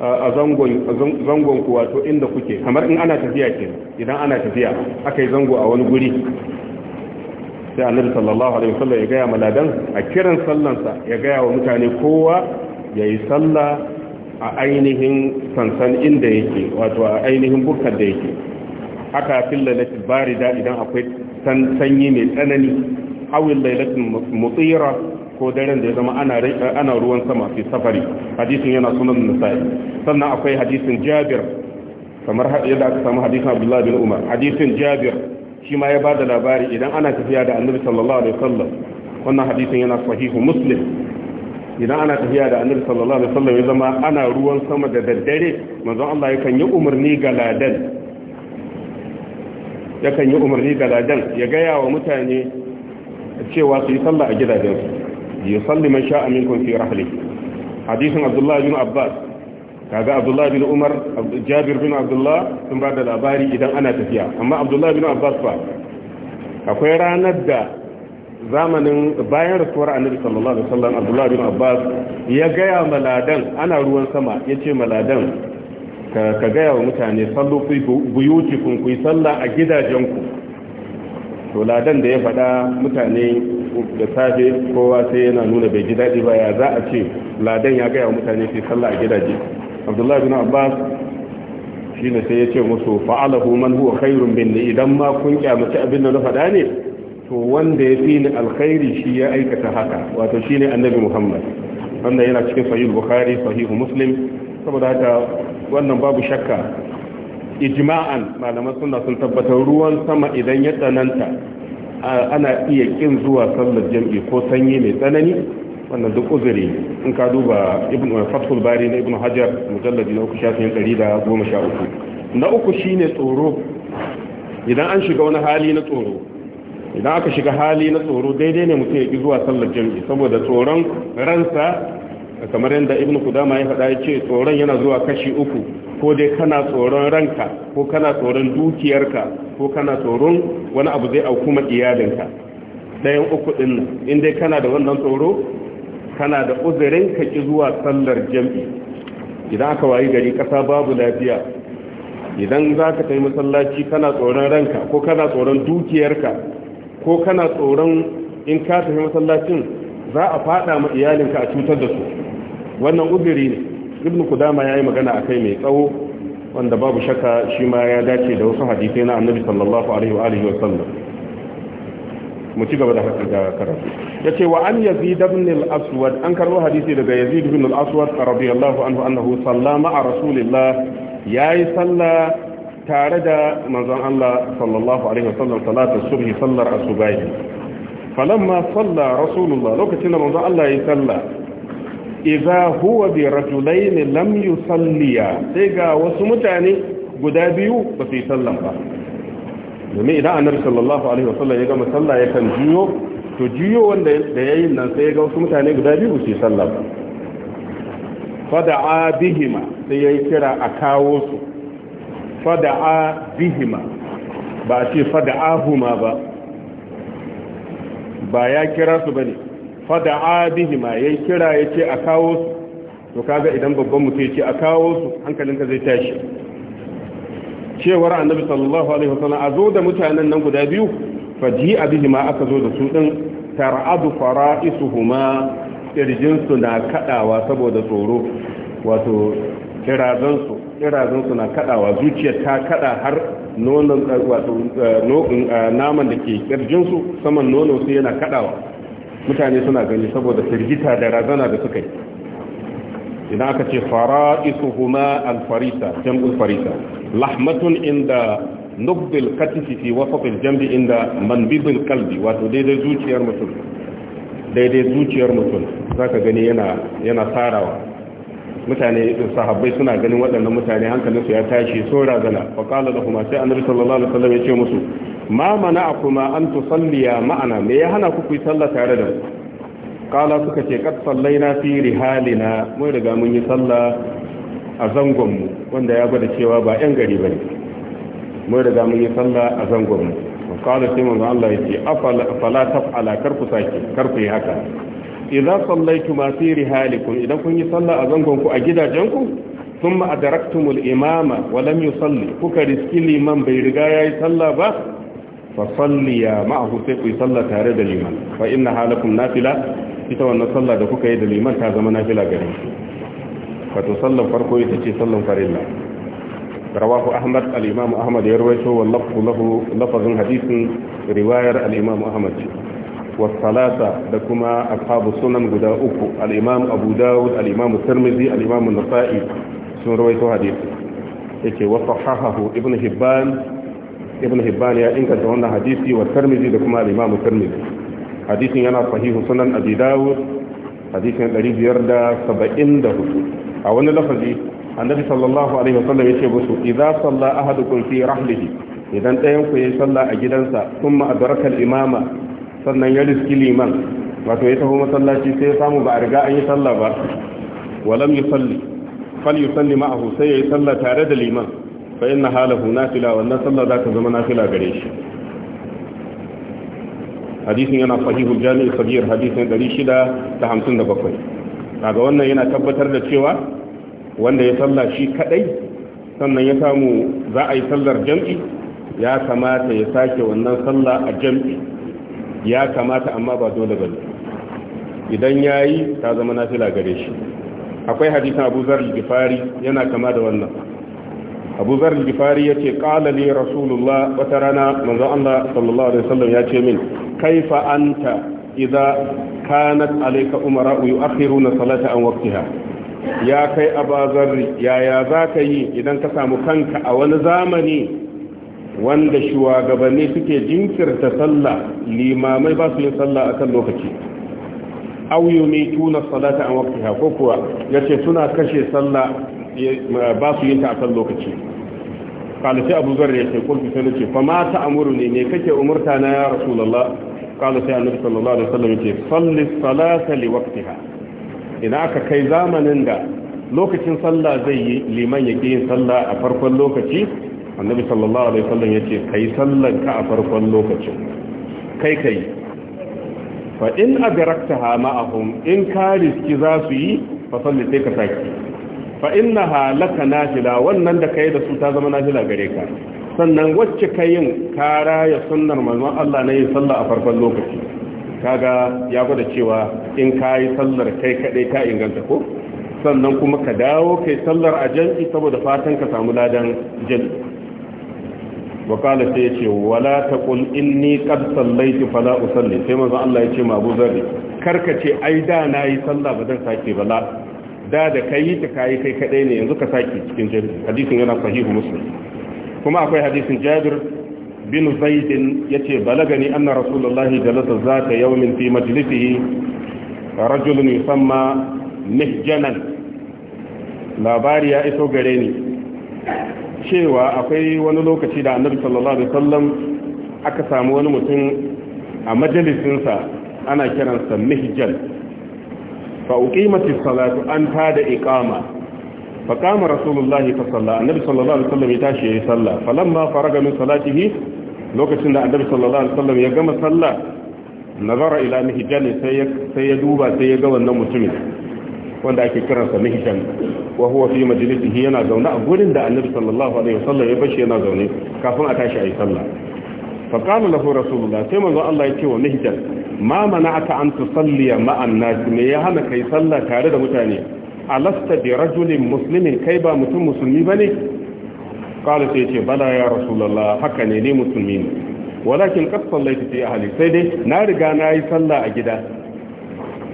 a zangon ku wato inda kuke kamar in ana tafiya ke idan ana tafiya aka yi zango a wani guri sai annabi sallallahu alaihi wasallam ya gaya maladan a kiran sallansa ya gaya wa mutane kowa ya yi sallah a ainihin sansan inda yake wato a ainihin bukkar da yake haka fil lailatul barida idan akwai sanyi mai tsanani awil lailatul mutira ko daren da ya zama ana ana ruwan sama fi safari hadisin yana sunan nasai sannan akwai hadisin jabir kamar yadda aka samu hadisin abdullahi bin umar hadisin jabir shi ma ya ba da labari idan ana tafiya da annabi sallallahu alaihi wasallam wannan hadisin yana sahihu muslim idan ana tafiya da annabi sallallahu alaihi wasallam ya zama ana ruwan sama da daddare manzon Allah yakan yi umarni ga ladan yakan yi umarni da ladan ya gaya wa mutane cewa su yi sallah a gidajensu yi salli man sha aminkun fi rahli hadisin abdullah bin abbas kaga abdullah bin umar jabir bin abdullah sun ba da labari idan ana tafiya amma abdullah bin abbas ba akwai ranar da zamanin bayan rasuwar annabi sallallahu alaihi wasallam abdullah bin abbas ya gaya maladan ana ruwan sama yace maladan ka gaya wa mutane sallu fi buyutikum ku yi sallah a gidajenku to ladan da ya faɗa mutane da safe kowa sai yana nuna bai ji daɗi ba ya za a ce ladan ya gaya wa mutane su yi sallah a gidaje abdullahi bin abbas shi ne sai ya ce musu fa'alahu man huwa khairun bin idan ma kun kyamaci abin da na faɗa ne to wanda ya fi ni alkhairi shi ya aikata haka wato shi ne annabi muhammad wanda yana cikin sahih bukhari sahih muslim saboda haka wannan babu shakka ijma'an malaman suna sun tabbatar ruwan sama idan ya tsananta ana iya kin zuwa sallar jam'i ko sanyi mai tsanani wannan duk uzuri in ka duba ibn fathul bari na ibn hajar mujalladi na uku shafin ɗari da goma sha uku na uku shine tsoro idan an shiga wani hali na tsoro idan aka shiga hali na tsoro daidai ne mutum ya ki zuwa sallar jam'i saboda tsoron ransa kamar yadda ibn kudama ya faɗa ya ce tsoron yana zuwa kashi uku ko dai kana tsoron ranka ko kana tsoron dukiyarka ko kana tsoron wani abu zai auku ma iyalinka ɗayan uku ɗin nan in dai kana da wannan tsoro kana da uzurin ka ki zuwa sallar jam'i idan aka wayi gari ƙasa babu lafiya idan za ka tafi masallaci kana tsoron ranka ko kana tsoron dukiyarka ko kana tsoron in ka tafi masallacin za a fada ma iyalinka a cutar da su wannan uzuri ibn kudama ya yi magana a kai mai tsawo wanda babu shaka shi ma ya dace da wasu hadisai na annabi sallallahu alaihi wa alihi wa sallam mu ci gaba da karatu ya ce wa an yazid ibn al-aswad an karbo hadisi daga yazid ibn al-aswad radiyallahu anhu annahu sallama a rasulillah yayi salla tare da manzon Allah sallallahu alaihi wa sallam salatu subhi sallar asubahi falamma salla rasulullah lokacin da manzon Allah yayi salla Iza huwa bi rajulain lam yusalliya sai ga wasu mutane guda biyu ba su yi sallan ba domin idan annabi sallallahu alaihi wasallam ya gama sallah ya kan juyo to juyo wanda da yayi nan sai ga wasu mutane guda biyu su yi sallah ba fada'a bihima sai yayi kira a kawo su fada'a bihima ba a ce fada'ahuma ba ba ya kira su bane fada'a ma yayi kira yace a kawo su to kaga idan babban mutum yace a kawo su hankalinka zai tashi cewar annabi sallallahu alaihi wasallam a zo da mutanen nan guda biyu faji'a ma aka zo da su din tar'adu fara'isuhuma irjin su na kadawa saboda tsoro wato kirazan su kirazan su na kadawa zuciya ta kada har nonon wato eh, eh, naman da ke kirjin su saman nono sai yana kadawa mutane suna gani saboda firgita da razana da suka yi idan aka ce fara'isuhuma alfarisa jam'ul farisa lahmatun inda nubbil katifi fi wasafin jambi inda manbibin kalbi wato daidai zuciyar mutum daidai zuciyar mutum zaka gani yana yana sarawa mutane sahabbai suna ganin waɗannan mutane hankalin su ya tashi so razana fa qala lahum sai annabi sallallahu alaihi wasallam ya ce musu ma mana kuma an salliya ma'ana me ya hana ku ku sallah tare da mu qala suka ce kad sallaina fi rihalina mun riga mun yi sallah a zangon mu wanda ya gwada cewa ba yan gari bane mun riga mun yi sallah a zangon mu qala sai manzo Allah ya ce afala fala taf'ala karku sake karku yi haka idza sallaitu ma fi rihalikum idan kun yi sallah a zangon a gidajenku thumma adraktumul imama wa lam salli kuka riski liman bai riga yayi sallah ba fa salli ya ma'ahu sai ku yi sallah tare da liman fa inna halakum nafila ita wannan sallah da kuka yi da liman ta zama nafila gare ku wato sallan farko ita ce sallan farilla rawahu ahmad al-imam ahmad ya rawaito wa lafzu lahu riwayar al-imam ahmad Wasalasa da kuma ashabu sunan guda uku al'imam abu dawud al'imam tirmidhi al'imam nasa'i sun rawaito hadisi yake wa sahahahu ibnu hibban ibnu hibban ya inganta wannan hadisi wa tirmidhi da kuma al'imam tirmidhi hadisin yana sahihu sunan abi dawud hadisin 574 a wani lafazi annabi sallallahu alaihi wasallam yake musu idza salla ahadukum fi rahlihi idan ɗayan ku ya yi a gidansa kuma a imama sannan ya riski liman wato ya taho masallaci sai ya samu ba a riga an yi sallah ba walam yusalli fal yusalli ma'ahu sai ya yi sallah tare da liman fa inna halahu nafila wannan sallah za ta zama nafila gare shi hadisin yana sahihul jami'i sabir hadisin 657 daga wannan yana tabbatar da cewa wanda ya sallah shi kadai sannan ya samu za a yi sallar jam'i ya kamata ya sake wannan sallah a jam'i ya kamata amma ba dole bane idan yayi ta zama nafila gare shi akwai hadisin Abu Zar yana kama da wannan Abu Zar al-Ghifari yace qala Rasulullah wata rana manzo Allah sallallahu alaihi wasallam yace min kaifa anta idza kanat alayka umara yu'akhiruna salata an waqtiha ya kai Abu Zar yaya zaka yi idan ka samu kanka a wani zamani wanda shugabanni suke jinkirta sallah limamai ba su yin sallah akan lokaci aw tuna salata an waqtiha ko kuwa yace suna kashe sallah ba su yin ta a kan lokaci qala sai Abu Zar yace kun fi sai ce fa ma ta'muruni ne kake umurta na ya rasulullah qala sai annabi sallallahu alaihi wasallam yace salli salata li waqtiha ina aka kai zamanin da lokacin sallah zai yi liman yake yin sallah a farkon lokaci annabi sallallahu alaihi wasallam yace kai sallan ka a farkon lokacin kai kai fa in adraktaha ma'ahum in ka riski za su yi fa salli sai ka saki fa innaha laka nafila wannan da kai da su ta zama nafila gare ka sannan wacce ka yin kara ya sunnar manzon Allah na yin sallah a farkon lokaci kaga ya gwada cewa in ka yi sallar kai kaɗai ta inganta ko sannan kuma ka dawo kai sallar a jan'i saboda fatan ka samu ladan jan'i wa kala sai yace wala taqul inni qad sallaitu fala usalli sai manzo Allah yace ma Abu kar karka ce ai da nayi sallah ba zan sake ba la da da kai ta kai kai kadai ne yanzu ka sake cikin jami'i hadisin yana sahihu muslim kuma akwai hadisin Jabir bin Zaid yace balagani anna rasulullahi jalasa zata yawmin fi majlisihi rajulun yusamma mihjanan labari ya iso gare ni cewa akwai wani lokaci da annabi sallallahu alaihi wasallam aka samu wani mutum a majalisinsa ana kiransa mihjal fa uqimatis salatu an tada iqama fa qama rasulullahi fa salla annabi sallallahu alaihi wasallam ya tashi yayi sallah falamma faraga min salatihi lokacin da annabi sallallahu alaihi wasallam ya gama sallah nazara ila mihjal sai ya duba sai ya ga wannan mutumin wanda ake kiransa mihjan wa huwa fi majlisihi yana zaune a gurin da annabi sallallahu alaihi wasallam ya bashi yana zaune kafin a tashi ayi sallah fa qala lahu rasulullah sai manzo Allah ya ce wa mihjan ma mana'aka an tusalli ma'an nas me ya hana kai sallah tare da mutane alasta bi rajulin muslimin kai ba mutum musulmi bane qala sai ce bala ya rasulullah haka ne ni musulmi walakin qad sallaita fi ahli sai dai na riga na yi sallah a gida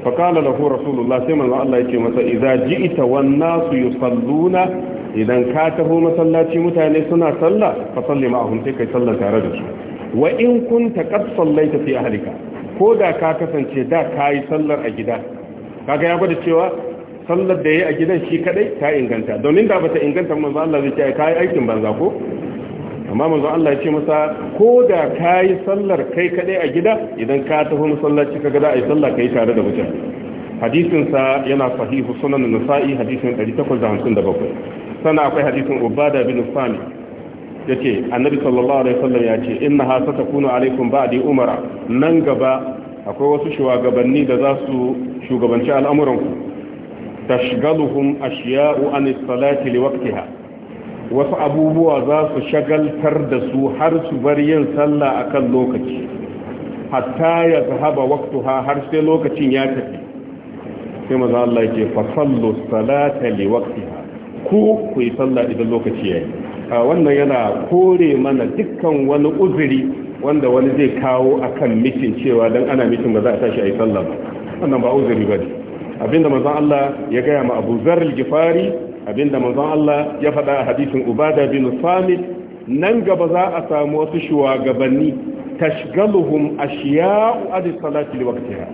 faƙala lahu rasulullah sai manzo Allah yake masa idza ji'ta wan nasu yusalluna idan ka taho masallaci mutane suna sallah fa salli ma'ahum sai kai sallah tare da su wa in kunta qad sallaita fi ahlika ko da ka kasance da kai sallar a gida kaga ya gwada cewa sallar da yayi a gidan shi kadai ta inganta domin da bata inganta manzo Allah zai ce kai aikin banza ko amma manzo Allah ya ce masa ko da kayi sallar kai kadai a gida idan ka tafi masallaci kaga da ai sallah kai tare da mutum hadisin sa yana sahihu sunan nasa'i hadisin 857 sana akwai hadisin ubada bin sami yace annabi sallallahu alaihi wasallam ya ce innaha satakunu alaikum ba'di umara nan gaba akwai wasu shugabanni da za su shugabanci al'amuranku tashgaluhum ashiya'u an salati liwaqtiha wasu abubuwa za su shagaltar da su har su bar yin sallah akan lokaci hatta ya zahaba ha har sai lokacin ya tafi sai maza Allah ya ce fa salata li waqtiha ku ku yi sallah idan lokaci yayi wannan yana kore mana dukkan wani uzuri wanda wani zai kawo akan mitin cewa dan ana mitin ba za a tashi ayi sallah ba wannan ba uzuri bane abinda manzon Allah ya gaya ma Abu Zar al-Ghifari abinda manzon Allah ya faɗa a hadisin Ubada bin Samit nan gaba za a samu wasu shugabanni tashgaluhum ashiya'u adi salati liwaqtiha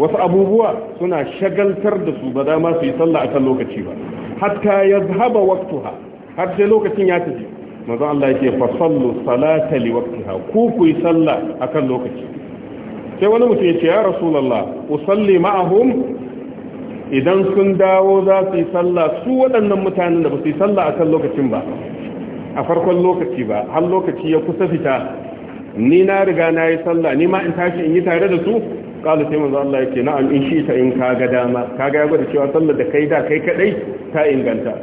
wasu abubuwa suna shagaltar da su ba za ma su yi sallah kan lokaci ba hatta yazhaba waqtuha har sai lokacin ya tafi manzon Allah yake fa sallu salata liwaqtiha ku ku yi sallah akan lokaci sai wani mutum ya ce ya rasulullah usalli ma'ahum idan sun dawo za su yi sallah su waɗannan mutanen da ba su yi sallah a kan lokacin ba a farkon lokaci ba har lokaci ya kusa fita ni na riga na yi sallah ni ma in tashi in yi tare da su kala sai manzo Allah yake na'am in shi ta in ka ga dama kaga ya gwada cewa sallah da kai da kai kaɗai ta inganta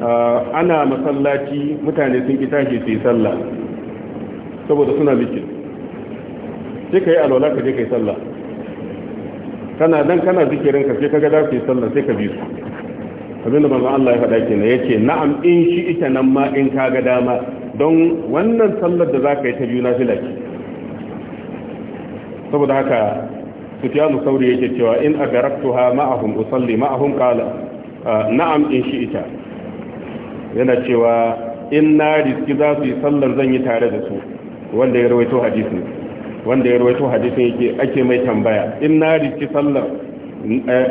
ah, ana masallaci mutane sun ki tashi su yi sallah saboda suna bikin sai kai alwala ka je kai sallah kana dan kana zikirin ka sai kaga za su yi sallah sai ka bi su abin da manzo Allah ya faɗa kenan yace na'am in shi ita nan ma in ka ga dama don wannan sallar da zaka yi ta biyu nafila ce saboda haka Sufyanu Sauri yake cewa in agaraktuha ma'ahum usalli ma'ahum qala ah, na'am in shi ita yana cewa in na riski za su yi sallar zan yi tare da su wanda ya rawaito hadisin wanda ya rawaito hadisin yake ake mai tambaya in na riki sallar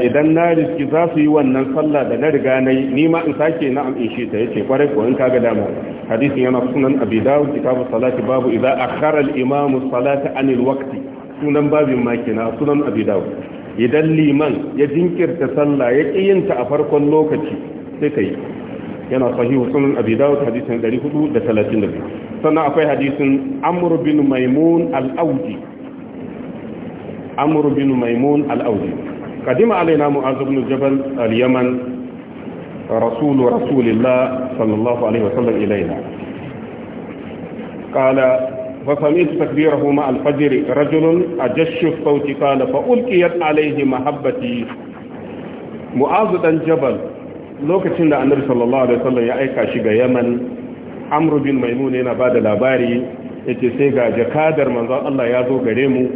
idan na riki za su yi wannan sallah da na riga na yi nima in sake na am in shi ta yace kwarai ko in kaga dama hadisin yana sunan abi dawud kitabu salati babu idza akhara al imam salati an al waqti sunan babin makina sunan abi dawud idan liman ya jinkirta sallah ya kiyinta a farkon lokaci sai kai yana sahihu sunan abi dawud hadisin 432 sannan akwai hadisin amr bin maimun al-audi amr bin maimun al-audi kadima alaina mu'az ibn jabal al-yaman rasul rasulillah sallallahu alaihi wasallam ilaina qala فسمعت تكبيره مع الفجر رجل أجش الصوت قال فألقيت عليه محبتي معاذ بن جبل لوكتين النبي صلى الله عليه وسلم يا أيكا شيغا يمن amru bin maimun yana ba da labari yace sai ga jakadar manzon Allah ya zo gare mu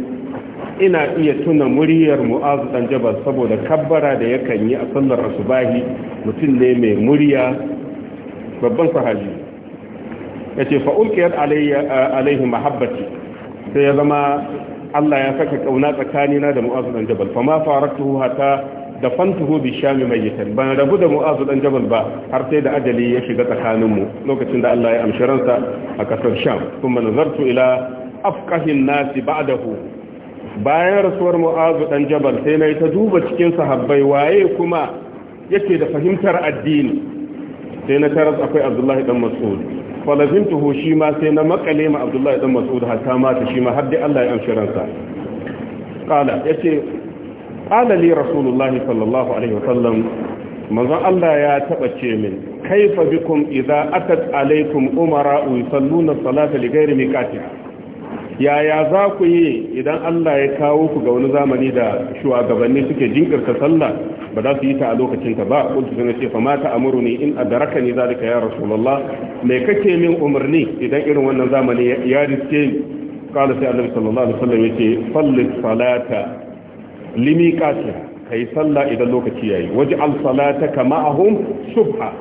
ina iya tuna muryar mu'azu dan jabal saboda kabbara da yakan yi a sallar asubahi mutum ne mai murya babban sahaji yace fa ulqiyat alayya alayhi mahabbati sai ya zama Allah ya saka kauna tsakanina da mu'azu dan jabal fa ma faratuhu hatta da fantuhu bi shami mayyitan bana rabu da mu'azu dan jabal ba har sai da ajali ya shiga tsakaninmu lokacin da Allah ya amshi ransa a kasar sham kuma nazartu ila afqahin nasi ba'dahu bayan rasuwar mu'azu dan jabal sai nayi ta duba cikin sahabbai waye kuma yake da fahimtar addini sai na taras akwai abdullahi dan mas'ud falazimtuhu shi ma sai na makale ma abdullahi dan mas'ud hatta mata shi ma har dai Allah ya amshi ransa qala yace qala li rasulullahi sallallahu alaihi wasallam manzon Allah ya taba ce min kaifa bikum idza atat alaikum umara yusalluna salata li ghairi yaya za ku yi idan Allah ya kawo ku ga wani zamani da shugabanni suke jinkirta sallah ba za su yi ta a lokacin ba kuntu sun ce fa mata amuruni in adaraka ni zalika ya rasulullah me kake min umarni idan irin wannan zamani ya riske ni qala sai Allah sallallahu alaihi wasallam yace sallis salata limi kasir kai sallah idan lokaci yayi waje al salataka ma'ahum subha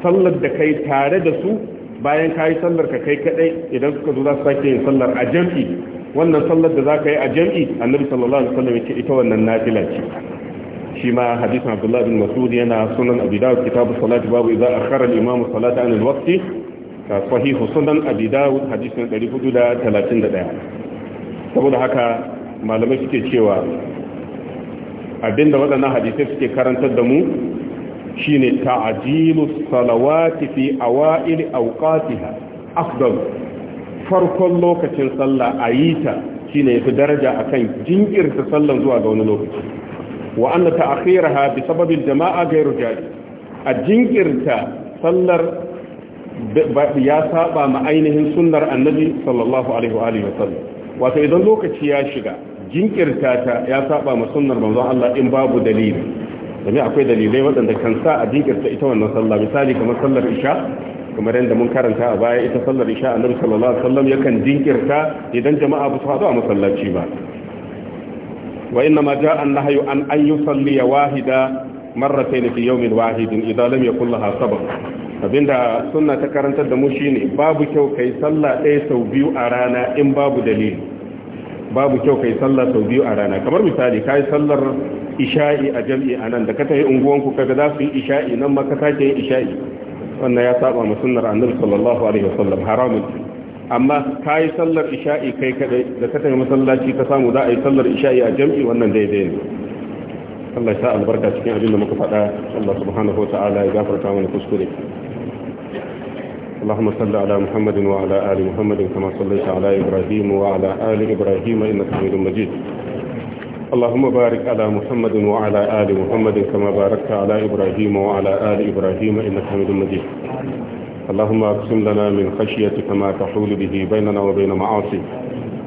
sallar da kai tare da su bayan kai sallar ka kai kadai idan suka zo za su sake yin sallar a jam'i wannan sallar da zaka yi a jam'i annabi sallallahu alaihi wasallam yake ita wannan nafila ce shi ma hadisin abdullahi bin mas'ud yana sunan abi dawud kitabu salati babu idza akhara al imam salata an al waqti ka sahihu sunan abi dawud hadisin 431 saboda haka malamai suke cewa abinda waɗannan hadisai suke karantar da mu shine ta'jilu salawati fi awa'il awqatiha afdal farkon lokacin sallah ta shine yafi daraja a kan jinkirta sallan zuwa ga wani lokaci wa anna ta'khiraha bi sababi jama'a ghayru jari a jinkirta sallar ya saba ma ainihin sunnar annabi sallallahu alaihi wa alihi wa sallam wato idan lokaci ya shiga jinkirta ta ya saba ma sunnar manzon Allah in babu dalili domin akwai dalilai waɗanda kan sa a jinkirta ita wannan sallah misali kamar sallar isha kamar yadda mun karanta a baya ita sallar isha annabi sallallahu alaihi wasallam yakan jinkirta idan jama'a ba su a masallaci ba wa inna ma ja'a an-nahyu an an yusalli wahida marratayn fi yawmin wahidin idan lam yakul laha sabab abinda suna ta karantar da mu shine babu kyau kai sallah ɗaya sau biyu a rana in babu dalili babu kyau kai sallah sau biyu a rana kamar misali kai sallar isha'i a jam'i anan da ka tafi unguwan ku kaga za su yi isha'i nan ma ka take yin isha'i wannan ya saba ma sunnar annabi sallallahu alaihi wasallam haramun amma kai sallar isha'i kai kadai da ka tafi masallaci ka samu za a yi sallar isha'i a jam'i wannan daidai ne Allah ya albarka cikin abin da muka faɗa Allah subhanahu wa ta'ala ya gafarta mana kuskure Allahumma salli ala Muhammadin wa ala ali Muhammadin kama sallaita ala Ibrahim wa ala ali Ibrahim innaka Hamidum Majid Allahumma barik ala Muhammadin wa ala ali Muhammadin kama barakta ala Ibrahim wa ala Ibrahim innaka Hamidum Majid Allahumma aqsim lana min khashyatika ma tahulu bihi bainana wa bain ma'asi